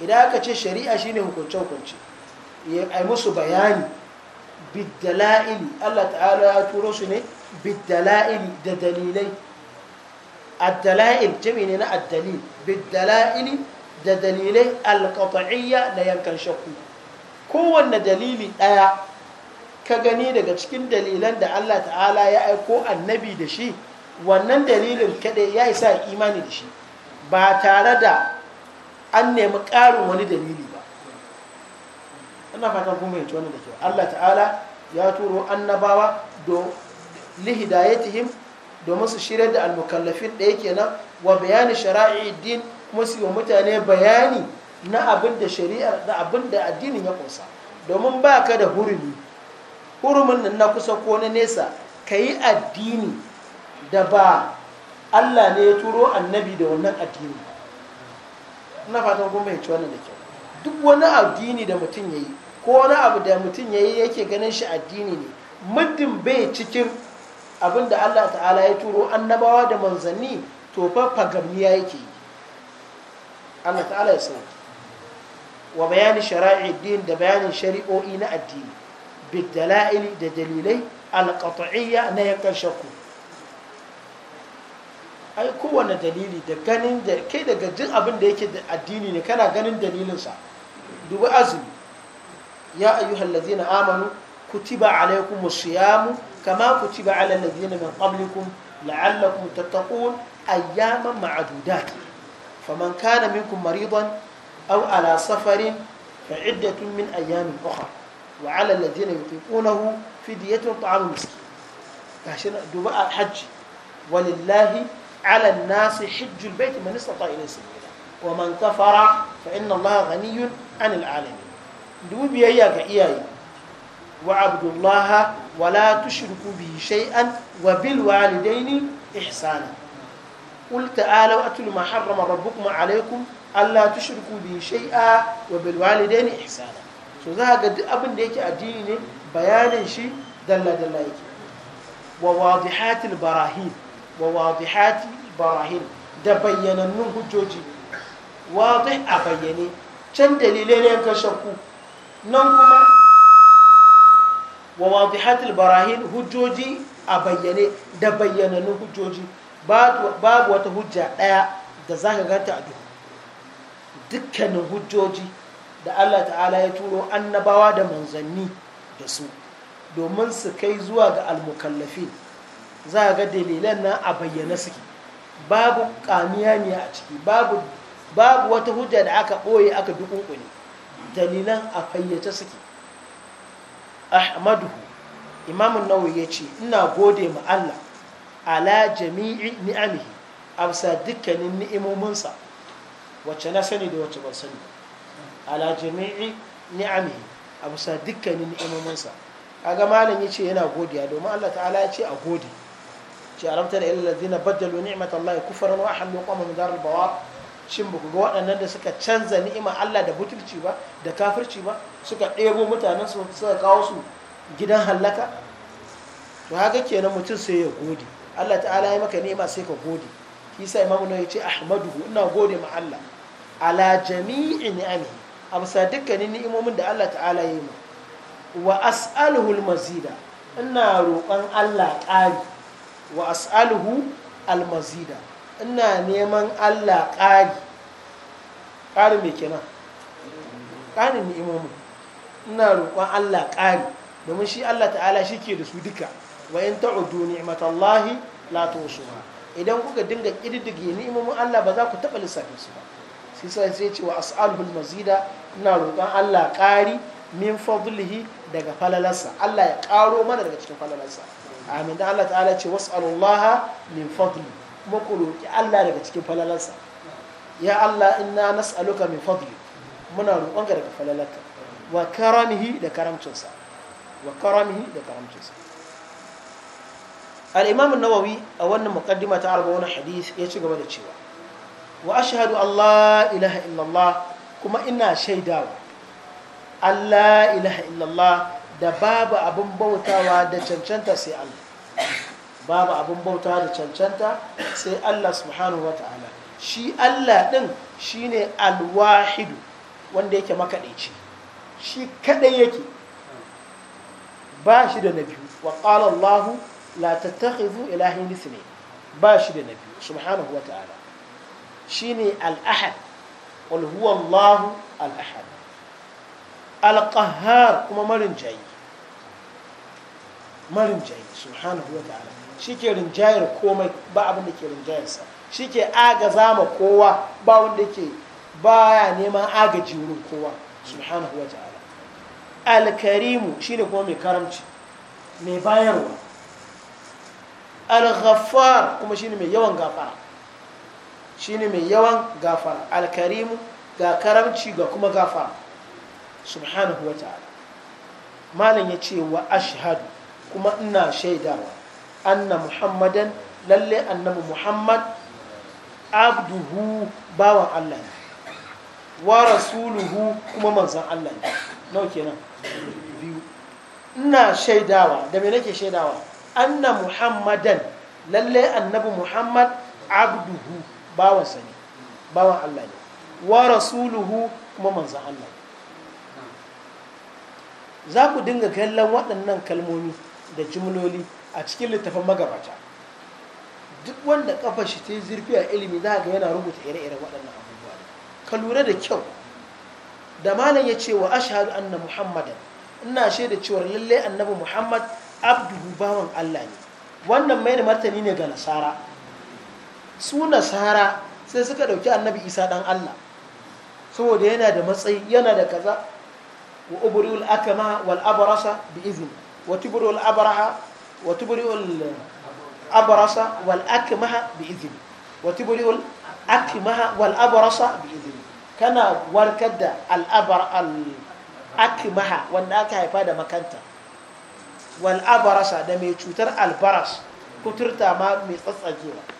idan aka ce shari'a shine hukunce hukunce ya ai musu bayani biddala'ili Allah ta'ala ya turo su ne biddala'ili da dalilai addala'il jami ne na addalil biddala'ili da dalilai alqat'iyya da yankan shakku kowanne dalili ɗaya ka gani daga cikin dalilan da Allah ta'ala ya aiko annabi da shi wannan dalilin kaɗai ya sa imani da shi ba tare da an nemi ƙarin wani dalili ba ana fatan kuma yanci wannan da kyau Allah ta'ala ya turo annabawa do lihidayatihim domin su shirya da almukallafin da ɗaya nan, wa bayani shara'i din kuma su yi wa mutane bayani na abin da shari'ar da abin da addinin ya kusa domin ba ka da hurumi hurumin nan na kusa ko na nesa ka yi addini da ba Allah ne ya turo annabi da wannan addini na fatan kuma ya ci wannan da kyau duk wani addini da mutum ya yi ko wani abu da mutum ya yi yake ganin shi addini ne muddin bai cikin abin da Allah ta'ala ya turo annabawa da manzanni to fa fagamniya yake yi Allah ta'ala ya sanar wa bayani shara'i din da bayanin shari'o'i na addini bidala'ili da dalilai alƙata'iyya na yakan shakku ai kowane dalili da ganin da kai daga jin abin da yake da addini ne kana ganin dalilinsa dubi azumi ya ayyuhal ladzina amanu kutiba alaykumus musiyamu kama kutiba alal lazina min qablikum la'allakum tattaqun ayyaman ma'dudat faman kana minkum maridan أو على سفر فعدة من أيام أخرى وعلى الذين يطيقونه فدية طعام مسكين فهشنا دواء حج ولله على الناس حج البيت من استطاع إليه سبيلا ومن كفر فإن الله غني عن العالمين دواء يا إياي وعبد الله ولا تشركوا به شيئا وبالوالدين إحسانا قل تعالوا أتلوا ما حرم ربكم عليكم Allah tushriku bi shay'a wa bil walidaini ihsana so za ga duk abin da yake addini ne bayanin shi dalla dalla yake wa wadihatil barahin wa wadihati barahin da bayyanannun hujjoji wadih a bayyane can dalilai ne kan shakku nan kuma wa wadihatil barahin hujjoji a bayyane da bayyanannun hujjoji babu wata hujja ɗaya da zaka ganta a duhu dukkanin hujjoji da Allah ta'ala ya turo annabawa da manzanni da su domin su kai zuwa ga almukallafi za a ga dalilan nan a bayyana suke babu ne a ciki babu wata hujja da aka ɓoye aka dukunkune dalilan a fayyace suke ahmadu imamun nawawi ya ce ina gode ma Allah ala jami'i ni'amihi a bisa dukkanin ni'imominsa wacce na sani da wacce ban sani ala jami'i ni'ami a bisa dukkanin ni'imominsa kaga malam yace yana godiya domin Allah ta'ala ya ce a gode ce alamta da illal ladina baddalu ni'matallahi kufran wa halu qawman dar al-bawar shin ba ga waɗannan da suka canza ni'ima Allah da butulci ba da kafirci ba suka ɗebo mutanen su suka kawo su gidan hallaka to haka kenan mutum sai ya gode Allah ta'ala ya maka ni'ima sai ka gode kisa imamu ne ya ce ahmaduhu ina gode ma Allah ala jami'i ni'ami a bisa dukkanin ni'imomin da Allah ta'ala yi mu wa as'aluhu almazida ina roƙon Allah ƙari wa as'aluhu almazida ina neman Allah ƙari ƙari me kenan ƙarin ni'imomin ina roƙon Allah ƙari domin shi Allah ta'ala shi ke da su duka wa in ta'udu ni'matallahi la tuhsuha idan kuka dinga kididdige ni'imomin Allah ba za ku taɓa lissafin su ba shi sai sai ce wa as'alul mazida ina roƙon Allah ƙari min fadlihi daga falalarsa Allah ya ƙaro mana daga cikin falalarsa amin dan Allah ta'ala ce was'alullaha min fadli kuma ku roƙi Allah daga cikin falalarsa ya Allah inna nas'aluka min fadli muna roƙonka daga falalarka wa karamihi da karamcinsa wa karamihi da karamcinsa al-imam an-nawawi a wannan muqaddima ta 40 hadith ya ci gaba da cewa wa ashhadu Allah ilaha illallah kuma ina shaidawa Allah ilaha illallah da babu abin bautawa da cancanta sai Allah babu abin bautawa da cancanta sai Allah subhanahu wa ta'ala shi Allah din shine alwahidu wanda yake makaɗaici shi kaɗai yake ba shi da na biyu wa ƙala Allahu la tattakhidhu ilahin ne ba shi da na biyu subhanahu wa ta'ala shine ne ahad qul huwa allah al kuma marin jayi marin jayi subhanahu wa ta'ala shi ke rinjayar komai ba abinda da ke shi ke shike agaza ma kowa ba wanda ke baya neman agaji wurin kowa subhanahu wa ta'ala alkarimu shi shine kuma mai karamci mai bayarwa alghaffar ghaffar kuma shine mai yawan gafara shine mai yawan gafara alkarimu ga karamci ga kuma gafara subhanahu wa ta'ala malam ya ce wa ashhadu kuma ina shaidawa anna muhammadan lalle annabi muhammad abduhu bawan allah ne wa rasuluhu kuma manzan allah ne nau kenan biyu ina shaidawa da me nake shaidawa anna muhammadan lalle annabi muhammad abduhu bawansa ne bawan Allah ne wa rasuluhu kuma manzan Allah ne za ku dinga kallon waɗannan kalmomi da jimloli a cikin littafin magabata duk wanda kafa shi ta yi zurfi a ilimi za ga yana rubuta ire-iren waɗannan abubuwa ka lura da kyau da malam ya ce wa ashhadu anna muhammadan ina shaida cewa lallai annabi muhammad abduhu bawan Allah ne wannan mai da martani ne ga nasara su nasara sai suka ɗauki annabi isa dan allah saboda yana da matsayi yana da kaza wa ubriul akama wal abrasa bi wa tubriul abraha wa tubriul abrasa wal akmaha bi wa tubriul akmaha wal abrasa bi kana warkar da al al akmaha wanda aka haifa da makanta wal abrasa da mai cutar albaras kuturta ma mai tsatsagewa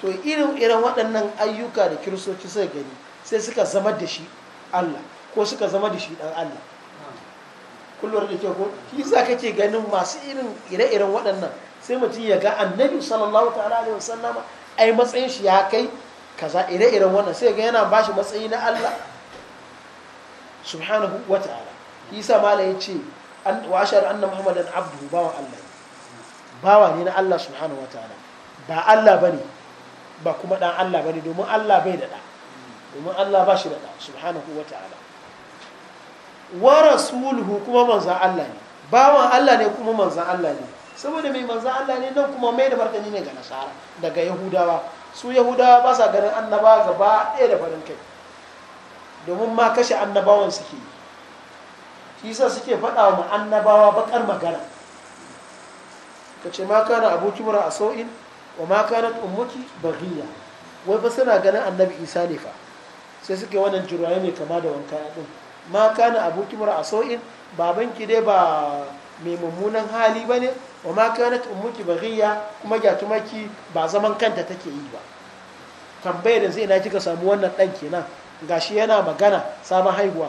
to irin irin waɗannan ayyuka da kiristoci sai gani sai suka zama da shi Allah ko suka zama da shi ɗan Allah kullum da ke ko shi za ke ganin masu irin ire-iren waɗannan sai mutum ya ga annabi sallallahu ta'ala alaihi wasallam ai matsayin shi ya kai kaza ire-iren wannan sai ga yana bashi matsayi na Allah subhanahu wa ta'ala isa mala ya ce wa ashar anna muhammadan abdu bawan Allah bawa ne na Allah subhanahu wa ta'ala ba Allah bane ba kuma ɗan Allah ne domin Allah bai da domin Allah ba shi da da subhanahu wa ta'ala wa rasuluhu kuma manzan Allah ne bawan Allah ne kuma manzan Allah ne saboda mai manzan Allah ne nan kuma mai da martani ne ga nasara daga yahudawa su yahudawa ba sa ganin annaba gaba ɗaya da farin kai domin ma kashe annabawan suke yi shi sa suke faɗa wa annabawa bakar magana ka ce ma kana abokin mura a sau'in wa ma kanat ummuki baghiya wai ba suna ganin annabi isa ne fa sai suke wannan jirwaye ne kama da wanka din ma kana abuki mura asoin babanki dai ba mai mummunan hali bane wa ma kanat ummuki baghiya kuma gyatumaki ba zaman kanta take yi ba da zai na kika samu wannan dan kenan gashi yana magana sabon haihuwa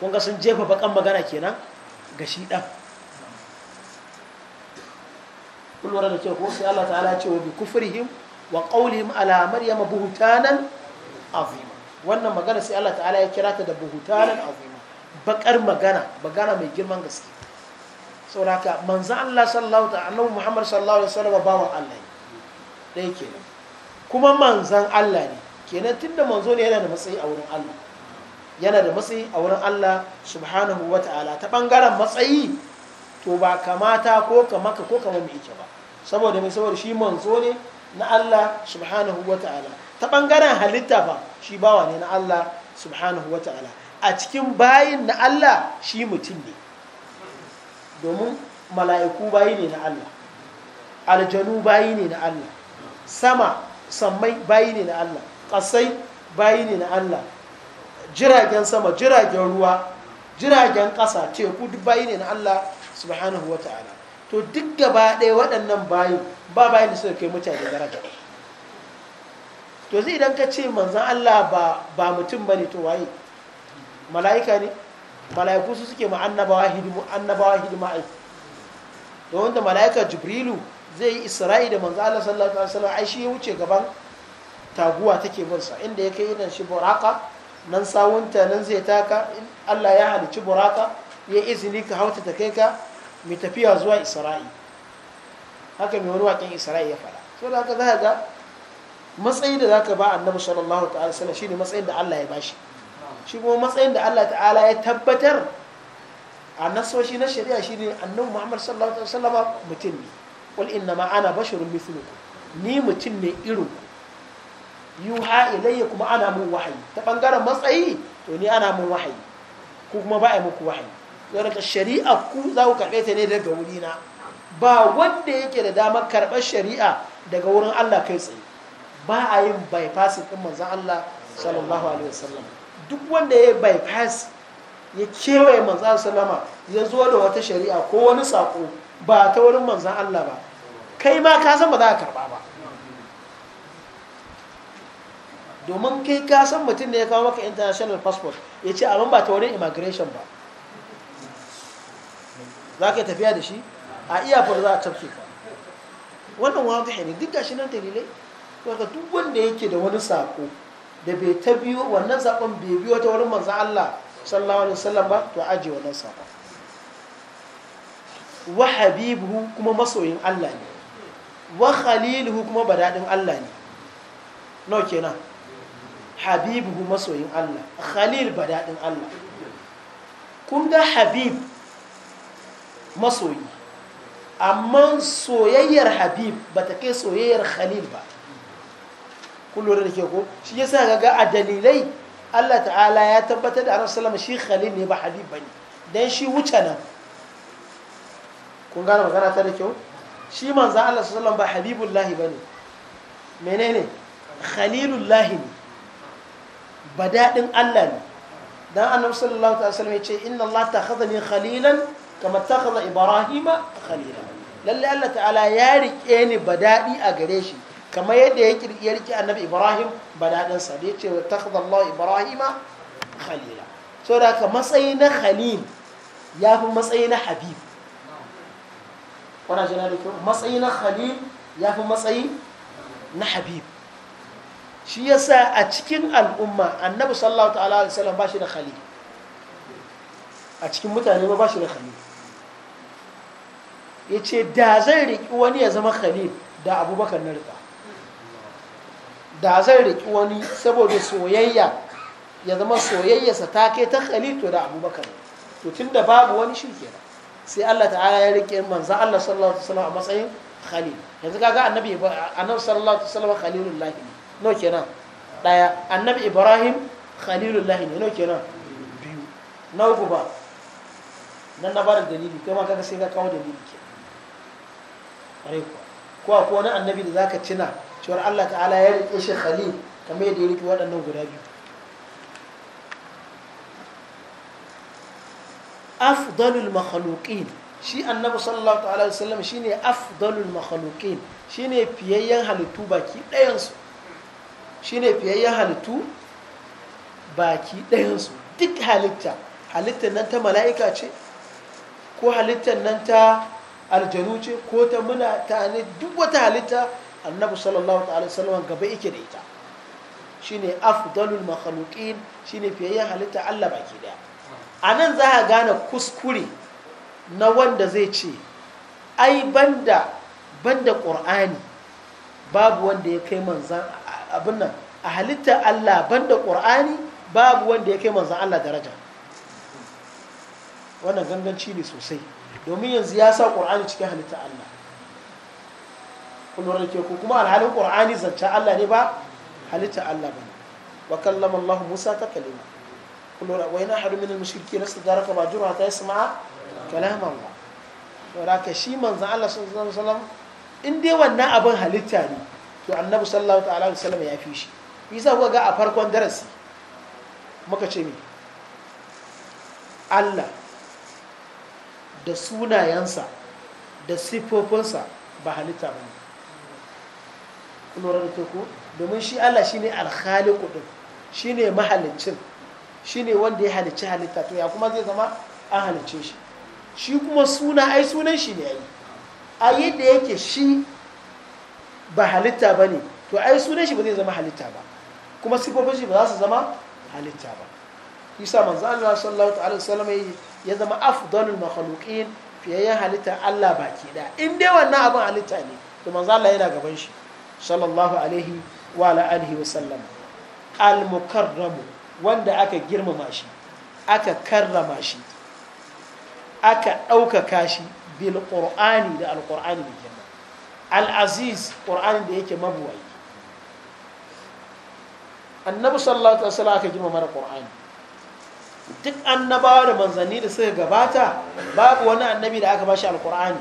kun ga sun jefa bakan magana kenan gashi shi dan kullum da ke ko sai Allah ta'ala ce wa bi kufrihim wa qawlihim ala maryama buhtanan azima wannan magana sai Allah ta'ala ya kira ta da buhtanan azima bakar magana magana mai girman gaske sauraka manzan Allah sallallahu ta'ala annabi Muhammad sallallahu alaihi wasallam bawan Allah ne dai kenan kuma manzan Allah ne kenan tunda manzo ne yana da matsayi a wurin Allah yana da matsayi a wurin Allah subhanahu wa ta'ala ta bangaren matsayi to ba kamata ko kamaka ko kama mai yake ba saboda mai saboda shi manzo ne na Allah subhanahu wa ta'ala ta bangaren halitta ba shi bawa ne na Allah subhanahu wa ta'ala a cikin bayin na Allah shi mutum ne domin mala'iku bayi ne na Allah aljanu bayi ne na Allah sama sammai bayi ne na Allah kasai bayi ne na Allah jiragen sama jiragen ruwa jiragen ƙasa teku duk bayi ne na Allah subhanahu wa ta'ala to duk gaba ɗaya waɗannan bayin ba bayin da suka kai mutane daraja to zai idan ka ce manzan Allah ba mutum ba ne to waye mala'ika ne mala'iku su suke ma annabawa hidima aiki to wanda mala'ika jibrilu zai yi isra'i da manzan Allah sallallahu alaihi wasallam ai shi ya wuce gaban taguwa take bursa inda ya kai idan shi buraka nan sawunta nan zai taka Allah ya halicci buraka ya izini ka hauta ta kai ka mai tafiya zuwa isra'i haka mai wani isra'i ya faɗa so da haka za ga matsayi da za ka ba annabi sallallahu ta'ala sallam shi ne matsayin da Allah ya bashi shi kuma matsayin da Allah ta'ala ya tabbatar a nasoshi na shari'a shi ne annabi muhammad sallallahu ta'ala mutum ne wal inna ma ana basharun mithlukum ni mutum ne irin yuha ilayya kuma ana mun wahayi ta bangaren matsayi to ni ana mun wahayi ko kuma ba a yi muku wahayi saboda shari'a ku za ku karɓe ta ne daga wurina ba wanda yake da damar karɓar shari'a daga wurin Allah kai tsaye ba a yin bypassin ɗin manzan Allah sallallahu alaihi wasallam duk wanda ya bypass ya kewaye manzon sallama ya zo da wata shari'a ko wani sako ba ta wurin manzan Allah ba kai ma ka san ba za ka karɓa ba domin kai ka san mutum ne ya kawo maka international passport ya ce amma ba ta wurin immigration ba za ka yi tafiya da shi a iyafar za a cafke ka wannan wadihi ne duk gashi nan dalilai daga duk wanda yake da wani sako da bai ta biyo wannan sakon bai biyo ta wurin manzan Allah sallallahu alaihi wasallam ba to aje wannan sako wa habibuhu kuma masoyin Allah ne wa khaliluhu kuma badadin Allah ne no kenan habibuhu masoyin Allah khalil badadin Allah kun da habib masoyi amma soyayyar habib ba ta kai soyayyar khalil ba kullum da ke ko shi ya sa ga a dalilai allah ta'ala ya tabbatar da annabi salama shi khalil ne ba habib ba ne don shi wuce nan kun gane magana ta da kyau shi manzan allah salam ba habibullahi ba ne menene khalilullahi ne ba daɗin allah ne don annabi sallallahu alaihi wasallam ya ce inna allah ta khadani khalilan kama takhadha ibrahima khalila lalle Allah ta'ala ya rike ni badadi a gare shi kama yadda ya kirki rike annabi ibrahim badadin sa da yace takhadha Allah Ibrahim khalila so da ka matsayi na khalil ya fi matsayi na habib wana jina da kyau matsayi na khalil ya fi matsayi na habib shi yasa a cikin al'umma annabi sallallahu ta'ala alaihi wasallam ba shi da khalil a cikin mutane ba ba shi da khalil ya ce da zai riƙi wani ya zama khalil da abubakar na riƙa da zai riƙi wani saboda soyayya ya zama soyayya sa ta kai ta khalil to da abubakar to tun da babu wani shi kenan sai Allah ta'ala ya riƙe manzo Allah sallallahu alaihi wasallam a matsayin khalil yanzu kaga annabi annabi sallallahu alaihi wasallam khalilullah ne no kenan daya annabi ibrahim khalilullah ne no kenan biyu na uku ba nan na bada dalili kai ma kaga sai ka kawo dalili kenan ko a wani annabi da zaka tuna cewar Allah ta'ala ya rike shi khalil kamar yadda ya rike waɗannan guda biyu afdalul makhluqin shi annabi sallallahu ta'ala alaihi wasallam shine afdalul makhluqin shine fiyayyen halittu baki ɗayan su shine fiyayyen halittu baki ɗayan su duk halitta halittar nan ta mala'ika ce ko halittar nan ta aljanu ce ko ta muna ta ne duk wata halitta annabi sallallahu ta'ala sallam gaba yake da ita shine afdalul shi shine fiye halitta Allah baki daya nan za a gane kuskure na wanda zai ce ai banda banda qur'ani babu wanda ya kai manzan abin a halitta Allah banda qur'ani babu wanda ya kai manzan Allah daraja wannan ganganci ne sosai domin yanzu ya sa ƙur'ani cikin halitta Allah kullum ke ku kuma alhalin ƙur'ani zancen Allah ne ba halitta Allah ba wa kallama Allah Musa ta kalima kullum wa yana hadu min na mushriki nasu daraka ba jura ta yasma ba Allah to raka shi manzan Allah sallallahu alaihi salam in dai wannan abin halitta ne to annabi sallallahu ta'ala alaihi wasallam ya fi shi yasa kuka ga a farkon darasi muka ce mi Allah da sunayensa da siffofinsa ba halitta ba ne lura domin shi Allah shi ne alhali ɗin shi ne mahalicin shi ne wanda ya halicci halitta to ya kuma zai zama an halicce shi shi kuma suna ai sunan shi ne yi a yadda yake shi ba halitta ba ne to ai sunan shi ba zai zama halitta ba kuma siffofin shi ba za su zama halitta ba yasa manzo Allah sallallahu alaihi wasallam ya zama afdalul makhluqin fiyayyen halitta Allah baki da in dai wannan abin halitta ne to manzo Allah yana gaban shi sallallahu alaihi wa ala alihi wa sallam al mukarramu wanda aka girmama shi aka karrama shi aka ɗaukaka shi bil qur'ani da al qur'ani da kenan al aziz qur'ani da yake mabuwayi annabi sallallahu alaihi wasallam aka girmama da qur'ani duk annabawa da manzanni da suka gabata babu wani annabi da aka bashi alkur'ani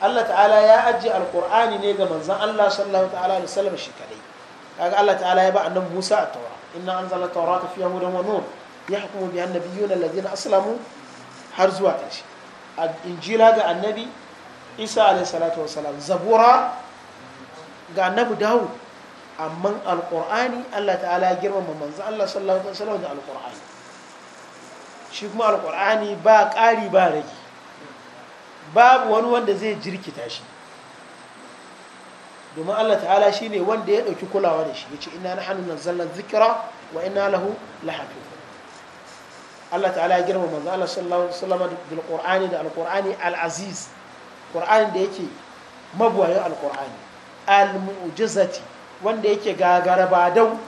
Allah ta'ala ya ajiye alkur'ani ne ga manzan Allah sallallahu ta'ala da wasallam shi kadai kaga Allah ta'ala ya ba annabi Musa a taura inna anzalna tawrata fiha hudan wa nur yahkumu biha an-nabiyyuna alladhina aslamu har zuwa ƙarshe injila ga annabi Isa alaihi salatu wa salam, zabura ga annabi Dawud amma alkur'ani Allah ta'ala ya girmama manzan Allah sallallahu Ta'ala wasallam da alkur'ani shi kuma alkur'ani ba ƙari ba rage babu wani wanda zai jirkita shi domin Allah ta'ala shi ne wanda ya ɗauki kulawa da shi ya ce ina na hannun nan zikira wa ina lahu lahafi Allah ta'ala ya girma manzo Allah sallallahu alaihi wasallam da alkur'ani al-aziz da yake mabwayin alkur'ani al-mu'jizati wanda yake gagara badau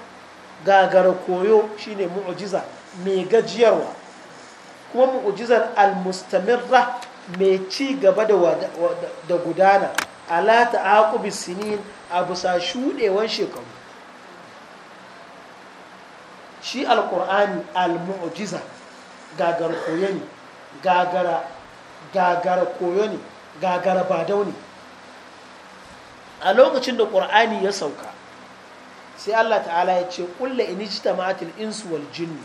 gagara koyo shine mu'jiza mai gajiyarwa kuma mu'ujizar al-mustamirra mai ci gaba da gudana ala ta'aqubi sinin a bisa shudewan shekaru shi al almu'jiza gagara koyo ne gagara koyo ne gagara badau ne a lokacin da ƙur'ani ya sauka sai Allah ta'ala ya ce ƙulla inijtama'atil insu wal jinni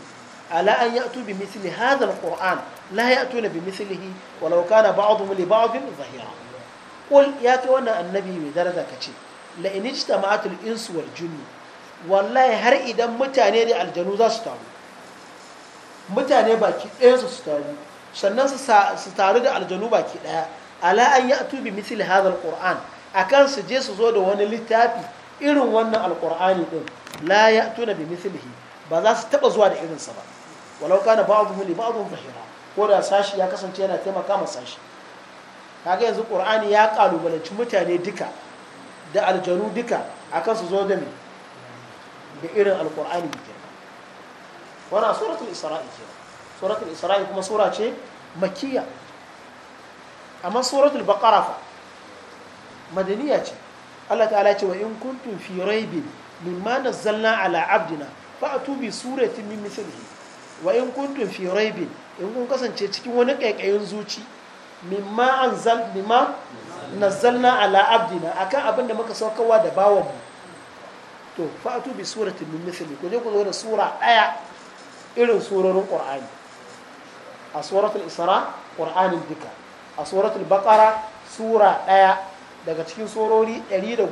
على أن يأتوا بمثل هذا القرآن لا يأتون بمثله ولو كان بعضهم لبعض ظهيرا قل يا كوانا النبي بدرجة كشي لإن اجتمعت الإنس والجن والله هر إذا متاني دي الجنو ذا ستارو متاني باكي إيه ستارو sannan su taru da aljanu baki daya ala an ya tubi misil hadal qur'an akan su je su zo da wani littafi irin wannan alqur'ani din la ya tuna bi mislihi ba za su taba zuwa da irinsa ba walau kana ba'dhum li ba'dhum zahira ko da sashi ya kasance yana taimaka ma sashi kaga yanzu qur'ani ya kalubalanci mutane duka da aljanu duka akan su zo da me da irin alqur'ani ke wannan suratul isra'i ke suratul isra'i kuma sura ce makkiya amma suratul baqara fa madaniya ce Allah ta'ala ce wa in kuntum fi raibin mimma nazzalna ala abdina fa'tu bi suratin min wa in kuntum fi raibin in kun kasance cikin wani kaikayin zuci mimma anzal mimma nazzalna ala abdina akan abin da muka saukarwa da bawan mu to fa'atu bi suratin min mithli ku je ku zo da sura daya irin surorin qur'ani a suratul isra qur'anin duka a suratul baqara sura daya daga cikin surori 114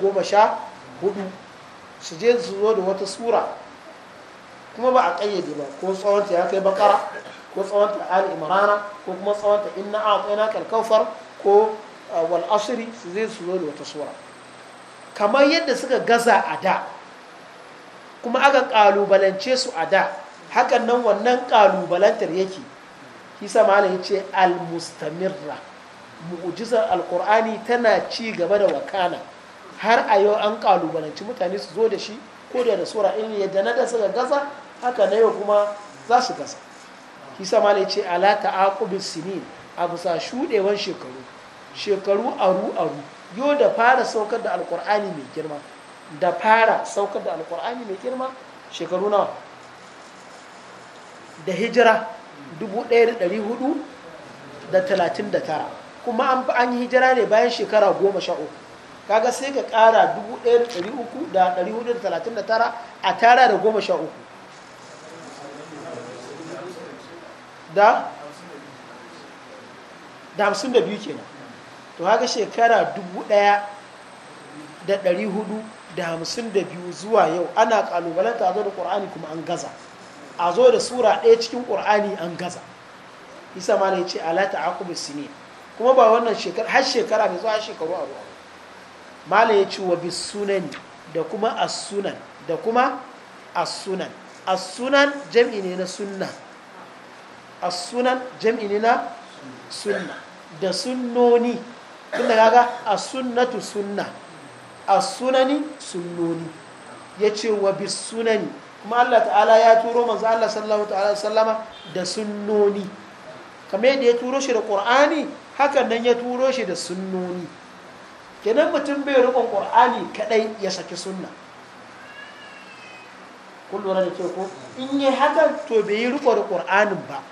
su je su zo da wata sura kuma ba a kayyade ba ko tsawonta ya kai bakara ko tsawonta ali imrana ko kuma tsawonta inna a na kalkaufar ko uh, wal su zai su zo da wata sura kamar yadda suka gaza a da kuma aka kalubalance su a da hakan nan wannan kalubalantar yake kisa malam ya ce mustamirra mu'ujizar al alkur'ani tana ci gaba da wakana har a yau an kalubalanci mutane su zo da shi ko da da sura in yadda na da suka gaza haka na yau kuma za su kasa kisa malai ce ala kubin sinin a bisa shudewan shekaru shekaru aru aru yo da fara saukar da alkur'ani mai girma da fara saukar da alkur'ani mai girma shekaru nawa da hijira 1439 kuma an yi hijira ne bayan shekara 13 kaga sai ka kara 1439 a tara da uku. da da hamsin da biyu kenan to haka shekara dubu ɗaya da ɗari hudu da hamsin da biyu zuwa yau ana kalubalanta a zo da ƙur'ani kuma an gaza a zo da sura ɗaya cikin ƙur'ani an gaza isa ma ya ce alata akubu sini kuma ba wannan shekara har shekara mai zuwa shekaru a ruwa malam ya ce wa sunani da kuma as-sunan da kuma as-sunan as-sunan jam'i ne na sunna sunan jam'i ne na sunna da sunnoni tun da kaga a sunnatu sunna a sunani sunnoni yace wa bi sunani kuma Allah ta'ala ya turo manzo Allah sallallahu ta'ala sallama da sunnoni kamar yadda ya turo shi da Qur'ani hakan nan ya turo shi da sunnoni kenan mutum bai rubon Qur'ani kadai ya saki sunna kun da ke ko in yi hakan to bai yi riko da ƙur'anin ba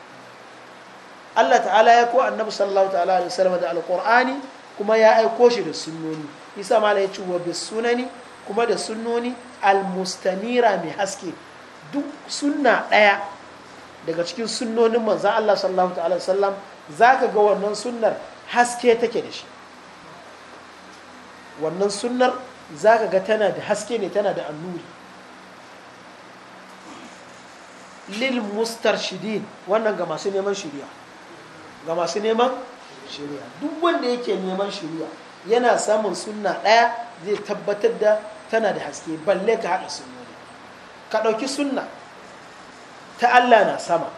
Allah ta'ala ya ko annabi sallallahu ta'ala alaihi wasallam da alqur'ani kuma ya aiko shi da sunnoni isa mala ya ce wa sunani kuma da sunnoni almustanira mai haske duk sunna ɗaya daga cikin sunnonin manzan Allah sallallahu ta'ala wasallam zaka ga wannan sunnar haske take da shi wannan sunnar zaka ga tana da haske ne tana da annuri lil mustarshidin wannan ga masu neman shiriya ga masu neman shari'a duk wanda yake neman shari'a yana samun sunna ɗaya zai tabbatar da tana da haske balle ka haɗa ne ka ɗauki sunna ta Allah na sama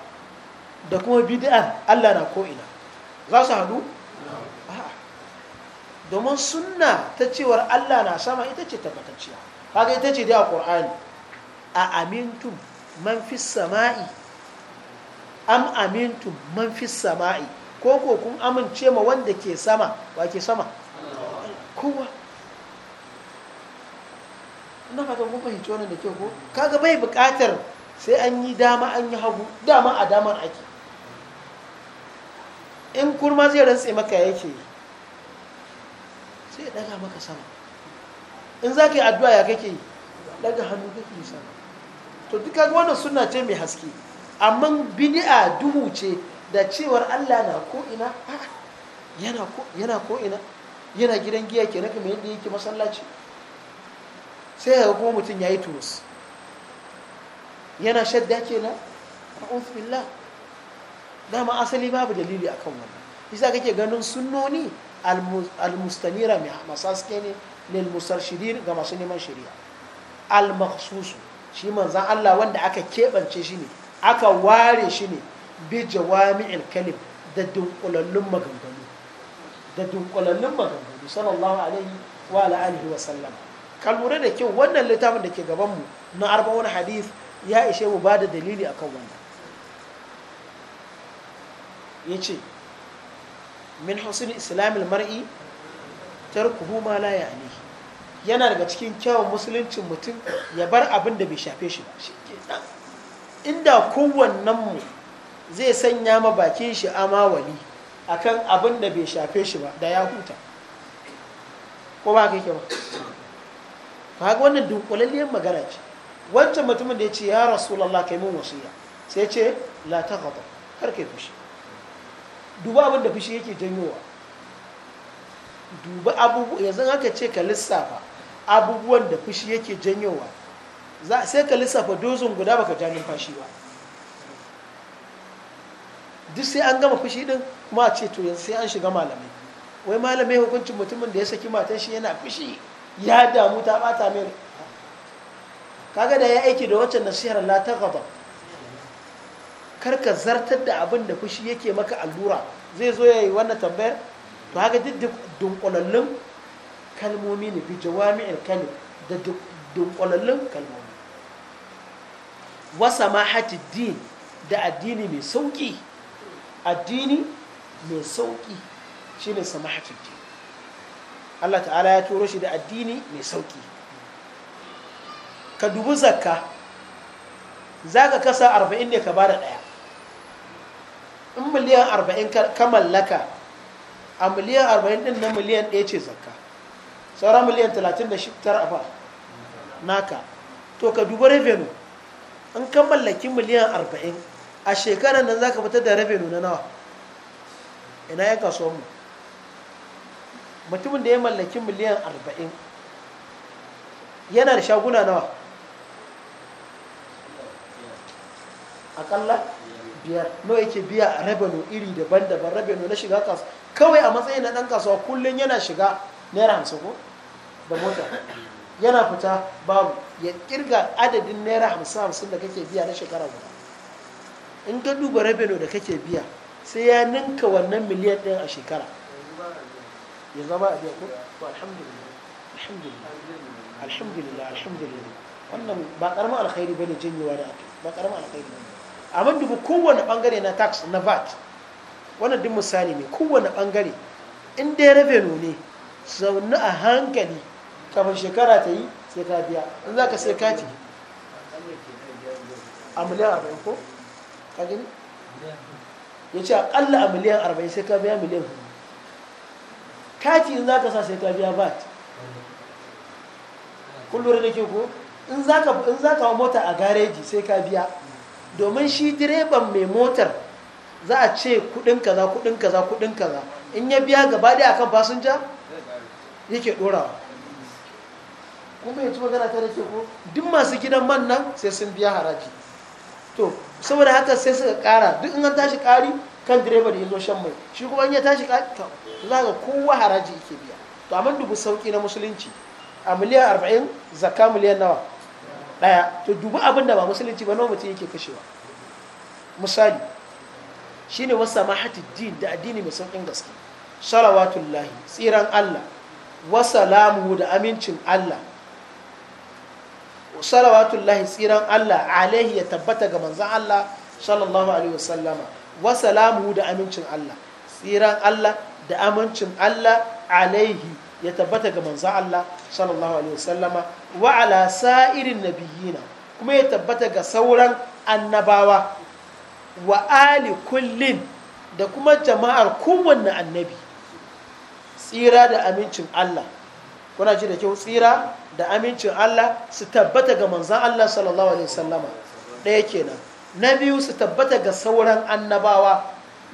da kuma bid'a Allah na ko'ina za su haɗu domin sunna ta cewar Allah na sama ita ce tabbatacciya haka ita ce dai a ƙor'ani a amintun man fi sama'i am amintum man fi sama'i ko ko kun amince ma wanda ke sama wa ke sama kowa Na fata kun fahimci wannan da ke ko kaga bai buƙatar sai an yi dama an yi hagu dama a damar ake in kurma zai rantse maka yake sai daga maka sama in za ka yi addu'a ya kake daga hannu kake sama to duka wannan suna ce mai haske amma bidi'a duhu ce da cewar Allah na ko yana ko yana gidan giya ke naka mai yadda yake masallaci sai ga kuma mutum ya yi turus yana shadda ke na billah dama asali babu dalili akan wannan isa kake ganin sunnoni almustamira mai masaske ne lil shirin ga masu neman shari'a al shi manzan Allah wanda aka keɓance shi ne aka ware shi ne bi jawami'il kalim da dunkulallun maganganu da dunkulallun maganganu sallallahu alaihi wa alihi wa sallam ka lura da kyau wannan littafin da ke gabanmu na arba'un hadith ya ishe mu ba da dalili akan wannan ya ce min husn islamil mar'i tarkuhu ma la ya'ni yana daga cikin kyawun musuluncin mutum ya bar abin da bai shafe shi ba inda kowannen mu zai sanya ma bakin shi a akan abin da bai shafe shi ba da ya huta ko ba ka yake ba Ba haka wannan dunkulalliyar magana ce wancan mutumin da ya ce ya rasulallah kai mun wasiya sai ce la ta gaba kar yi fushi duba abin da fushi yake janyowa duba abubuwa yanzu haka ce ka lissafa abubuwan da fushi yake janyowa sai ka lissafa dozin guda baka ja numfashi ba duk sai an gama fushi din kuma ce to yanzu sai an shiga malamai wai malamai hukuncin mutumin da ya saki matan shi yana fushi ya damu ta bata mai kaga da ya aiki da waccan nasihar la ta gaba kar ka zartar da abin da fushi yake maka allura zai zo ya yi wannan tambayar to haka duk dunkulallun kalmomi ne bi jawami'il kalim da dunkulallun kalmomi wasa mahati din da addini mai sauƙi addini mai sauƙi shi ne samahatin din Allah ta'ala ya turo shi da addini mai sauƙi ka dubi zakka za ka kasa arba'in ne ka ba da ɗaya in miliyan arba'in ka mallaka a miliyan arba'in ɗin na miliyan ɗaya ce zakka sauran miliyan talatin da shi tara ba naka to ka dubi revenue an ka mallaki miliyan arba'in a shekarar nan za ka fitar da rabe nuna nawa ina ya kaso mu mutumin da ya mallaki miliyan arba'in yana da shaguna nawa akalla biyar nawa yake biya rabenu iri daban-daban rabenu na shiga kasu kawai a matsayin na ɗan kasuwa kullum yana shiga naira hamsin ko da mota yana fita babu ya kirga adadin naira hamsin hamsin da kake biya na shekara guda in ka duba rabino da kake biya sai ya ninka wannan miliyan ɗin a shekara ya zama a biya ko alhamdulillah alhamdulillah alhamdulillah alhamdulillah wannan ba karamin alkhairi bane janyewa da aka ba karamin alkhairi bane amma dubu kowane bangare na tax na VAT wannan duk misali ne kowane bangare in dai revenue ne zaune a hankali kafin shekara ta yi sai ka biya in za ka sai kati a miliyan arba'in ko ka gani ya ce akalla a miliyan arba'in sai ka biya miliyan hudu kati in za ka sa sai ka biya bat kullum da ke ko in za ka wa mota a gareji sai ka biya domin shi direban mai motar za a ce kudin kaza kudin kaza kudin kaza in ya biya gaba daya akan fasinja yake dorawa Kuma bai magana ta da ke ko duk masu gidan man nan sai sun biya haraji to saboda haka sai suka kara duk in an tashi kari kan direba da yanzu shan mai shi kuma in ya tashi kari to za kowa haraji yake biya to amma dubu sauki na musulunci a miliyan arba'in zakka miliyan nawa daya to dubu abin da ba musulunci ba nawa mutum yake kashewa misali shine wasa mahatid din da addini mai saukin gaske salawatullahi tsiran Allah wasalamu da amincin Allah salawatullahi tsiran Allah alaihi ya tabbata ga manzan Allah sallallahu alaihi wasallama wa salamu da amincin Allah tsiran Allah da amincin Allah alaihi ya tabbata ga manzan Allah sallallahu alaihi wasallama wa ala sa'irin nabiyina kuma ya tabbata ga sauran annabawa wa ali kullin da kuma jama'ar kowanne annabi tsira da amincin Allah kuna ji da kyau tsira da amincin Allah su tabbata ga manzan Allah sallallahu alaihi wasallama ɗaya kenan na biyu su tabbata ga sauran annabawa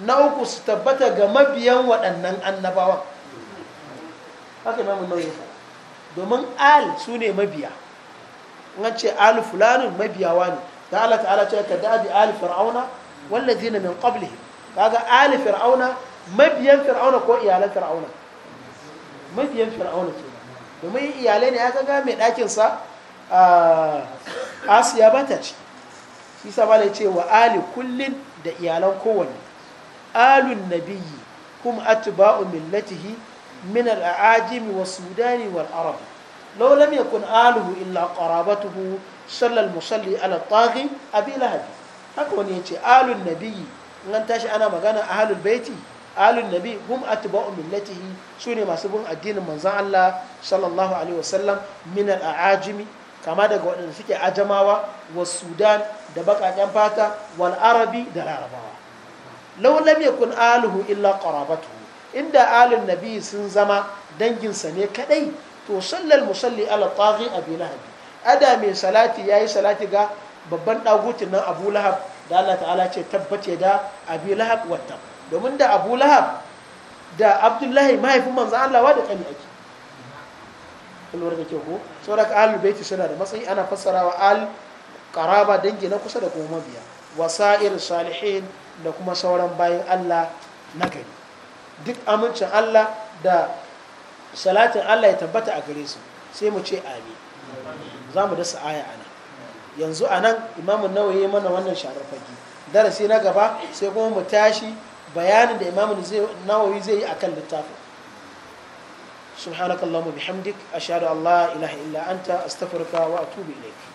na uku su tabbata ga mabiyan waɗannan annabawa haka imamu nauyi domin al su ne mabiya an ce al fulanin mabiyawa ne da Allah ta'ala ce ka da bi al fir'auna wallazina min qablihi kaga al fir'auna mabiyan fir'auna ko iyalan fir'auna mabiyan fir'auna kenan domin iyalai ne ya game mai ɗakinsa a asiya ba ta ci shi sa malai ce wa ali kullin da iyalan kowanne alun nabiyyi kuma atba'u millatihi min al-ajim wa sudani wal arab law lam yakun aluhu illa qarabatuhu sallal al-musalli ala taghi abi lahab haka wani ya ce alun nabiyyi in an tashi ana magana ahlul baiti alun nabi hum atba'u millatihi sune masu bin addinin manzon Allah sallallahu alaihi wasallam min al-aajimi kama daga waɗanda suke ajamawa wa sudan da baƙaƙen fata wal arabi da larabawa law lam yakun aluhu illa qarabatu inda alun nabi sun zama danginsa ne kadai to sallal musalli ala taghi abi lahab ada mai salati yayi salati ga babban dagutin nan abu lahab da Allah ta'ala ce tabbace da abi lahab wa tabbata domin da abu lahab da abdullahi mahaifin manzan Allah wa da kani ake kulwar da kyau ko saboda ahlul suna da matsayi ana fassarawa al karaba dangi na kusa da kuma mabiya wasa'ir salihin da kuma sauran bayan Allah na gari duk amincin Allah da salatin Allah ya tabbata a gare su sai mu ce amin za mu dasa aya ana yanzu anan imamun nawayi mana wannan sharar fage darasi na gaba sai kuma mu tashi bayanin da imamu nawawi zai yi akan littafin subhanakallahumma bihamdik ashhadu an la ilaha illa anta astaghfiruka wa atubu ilaik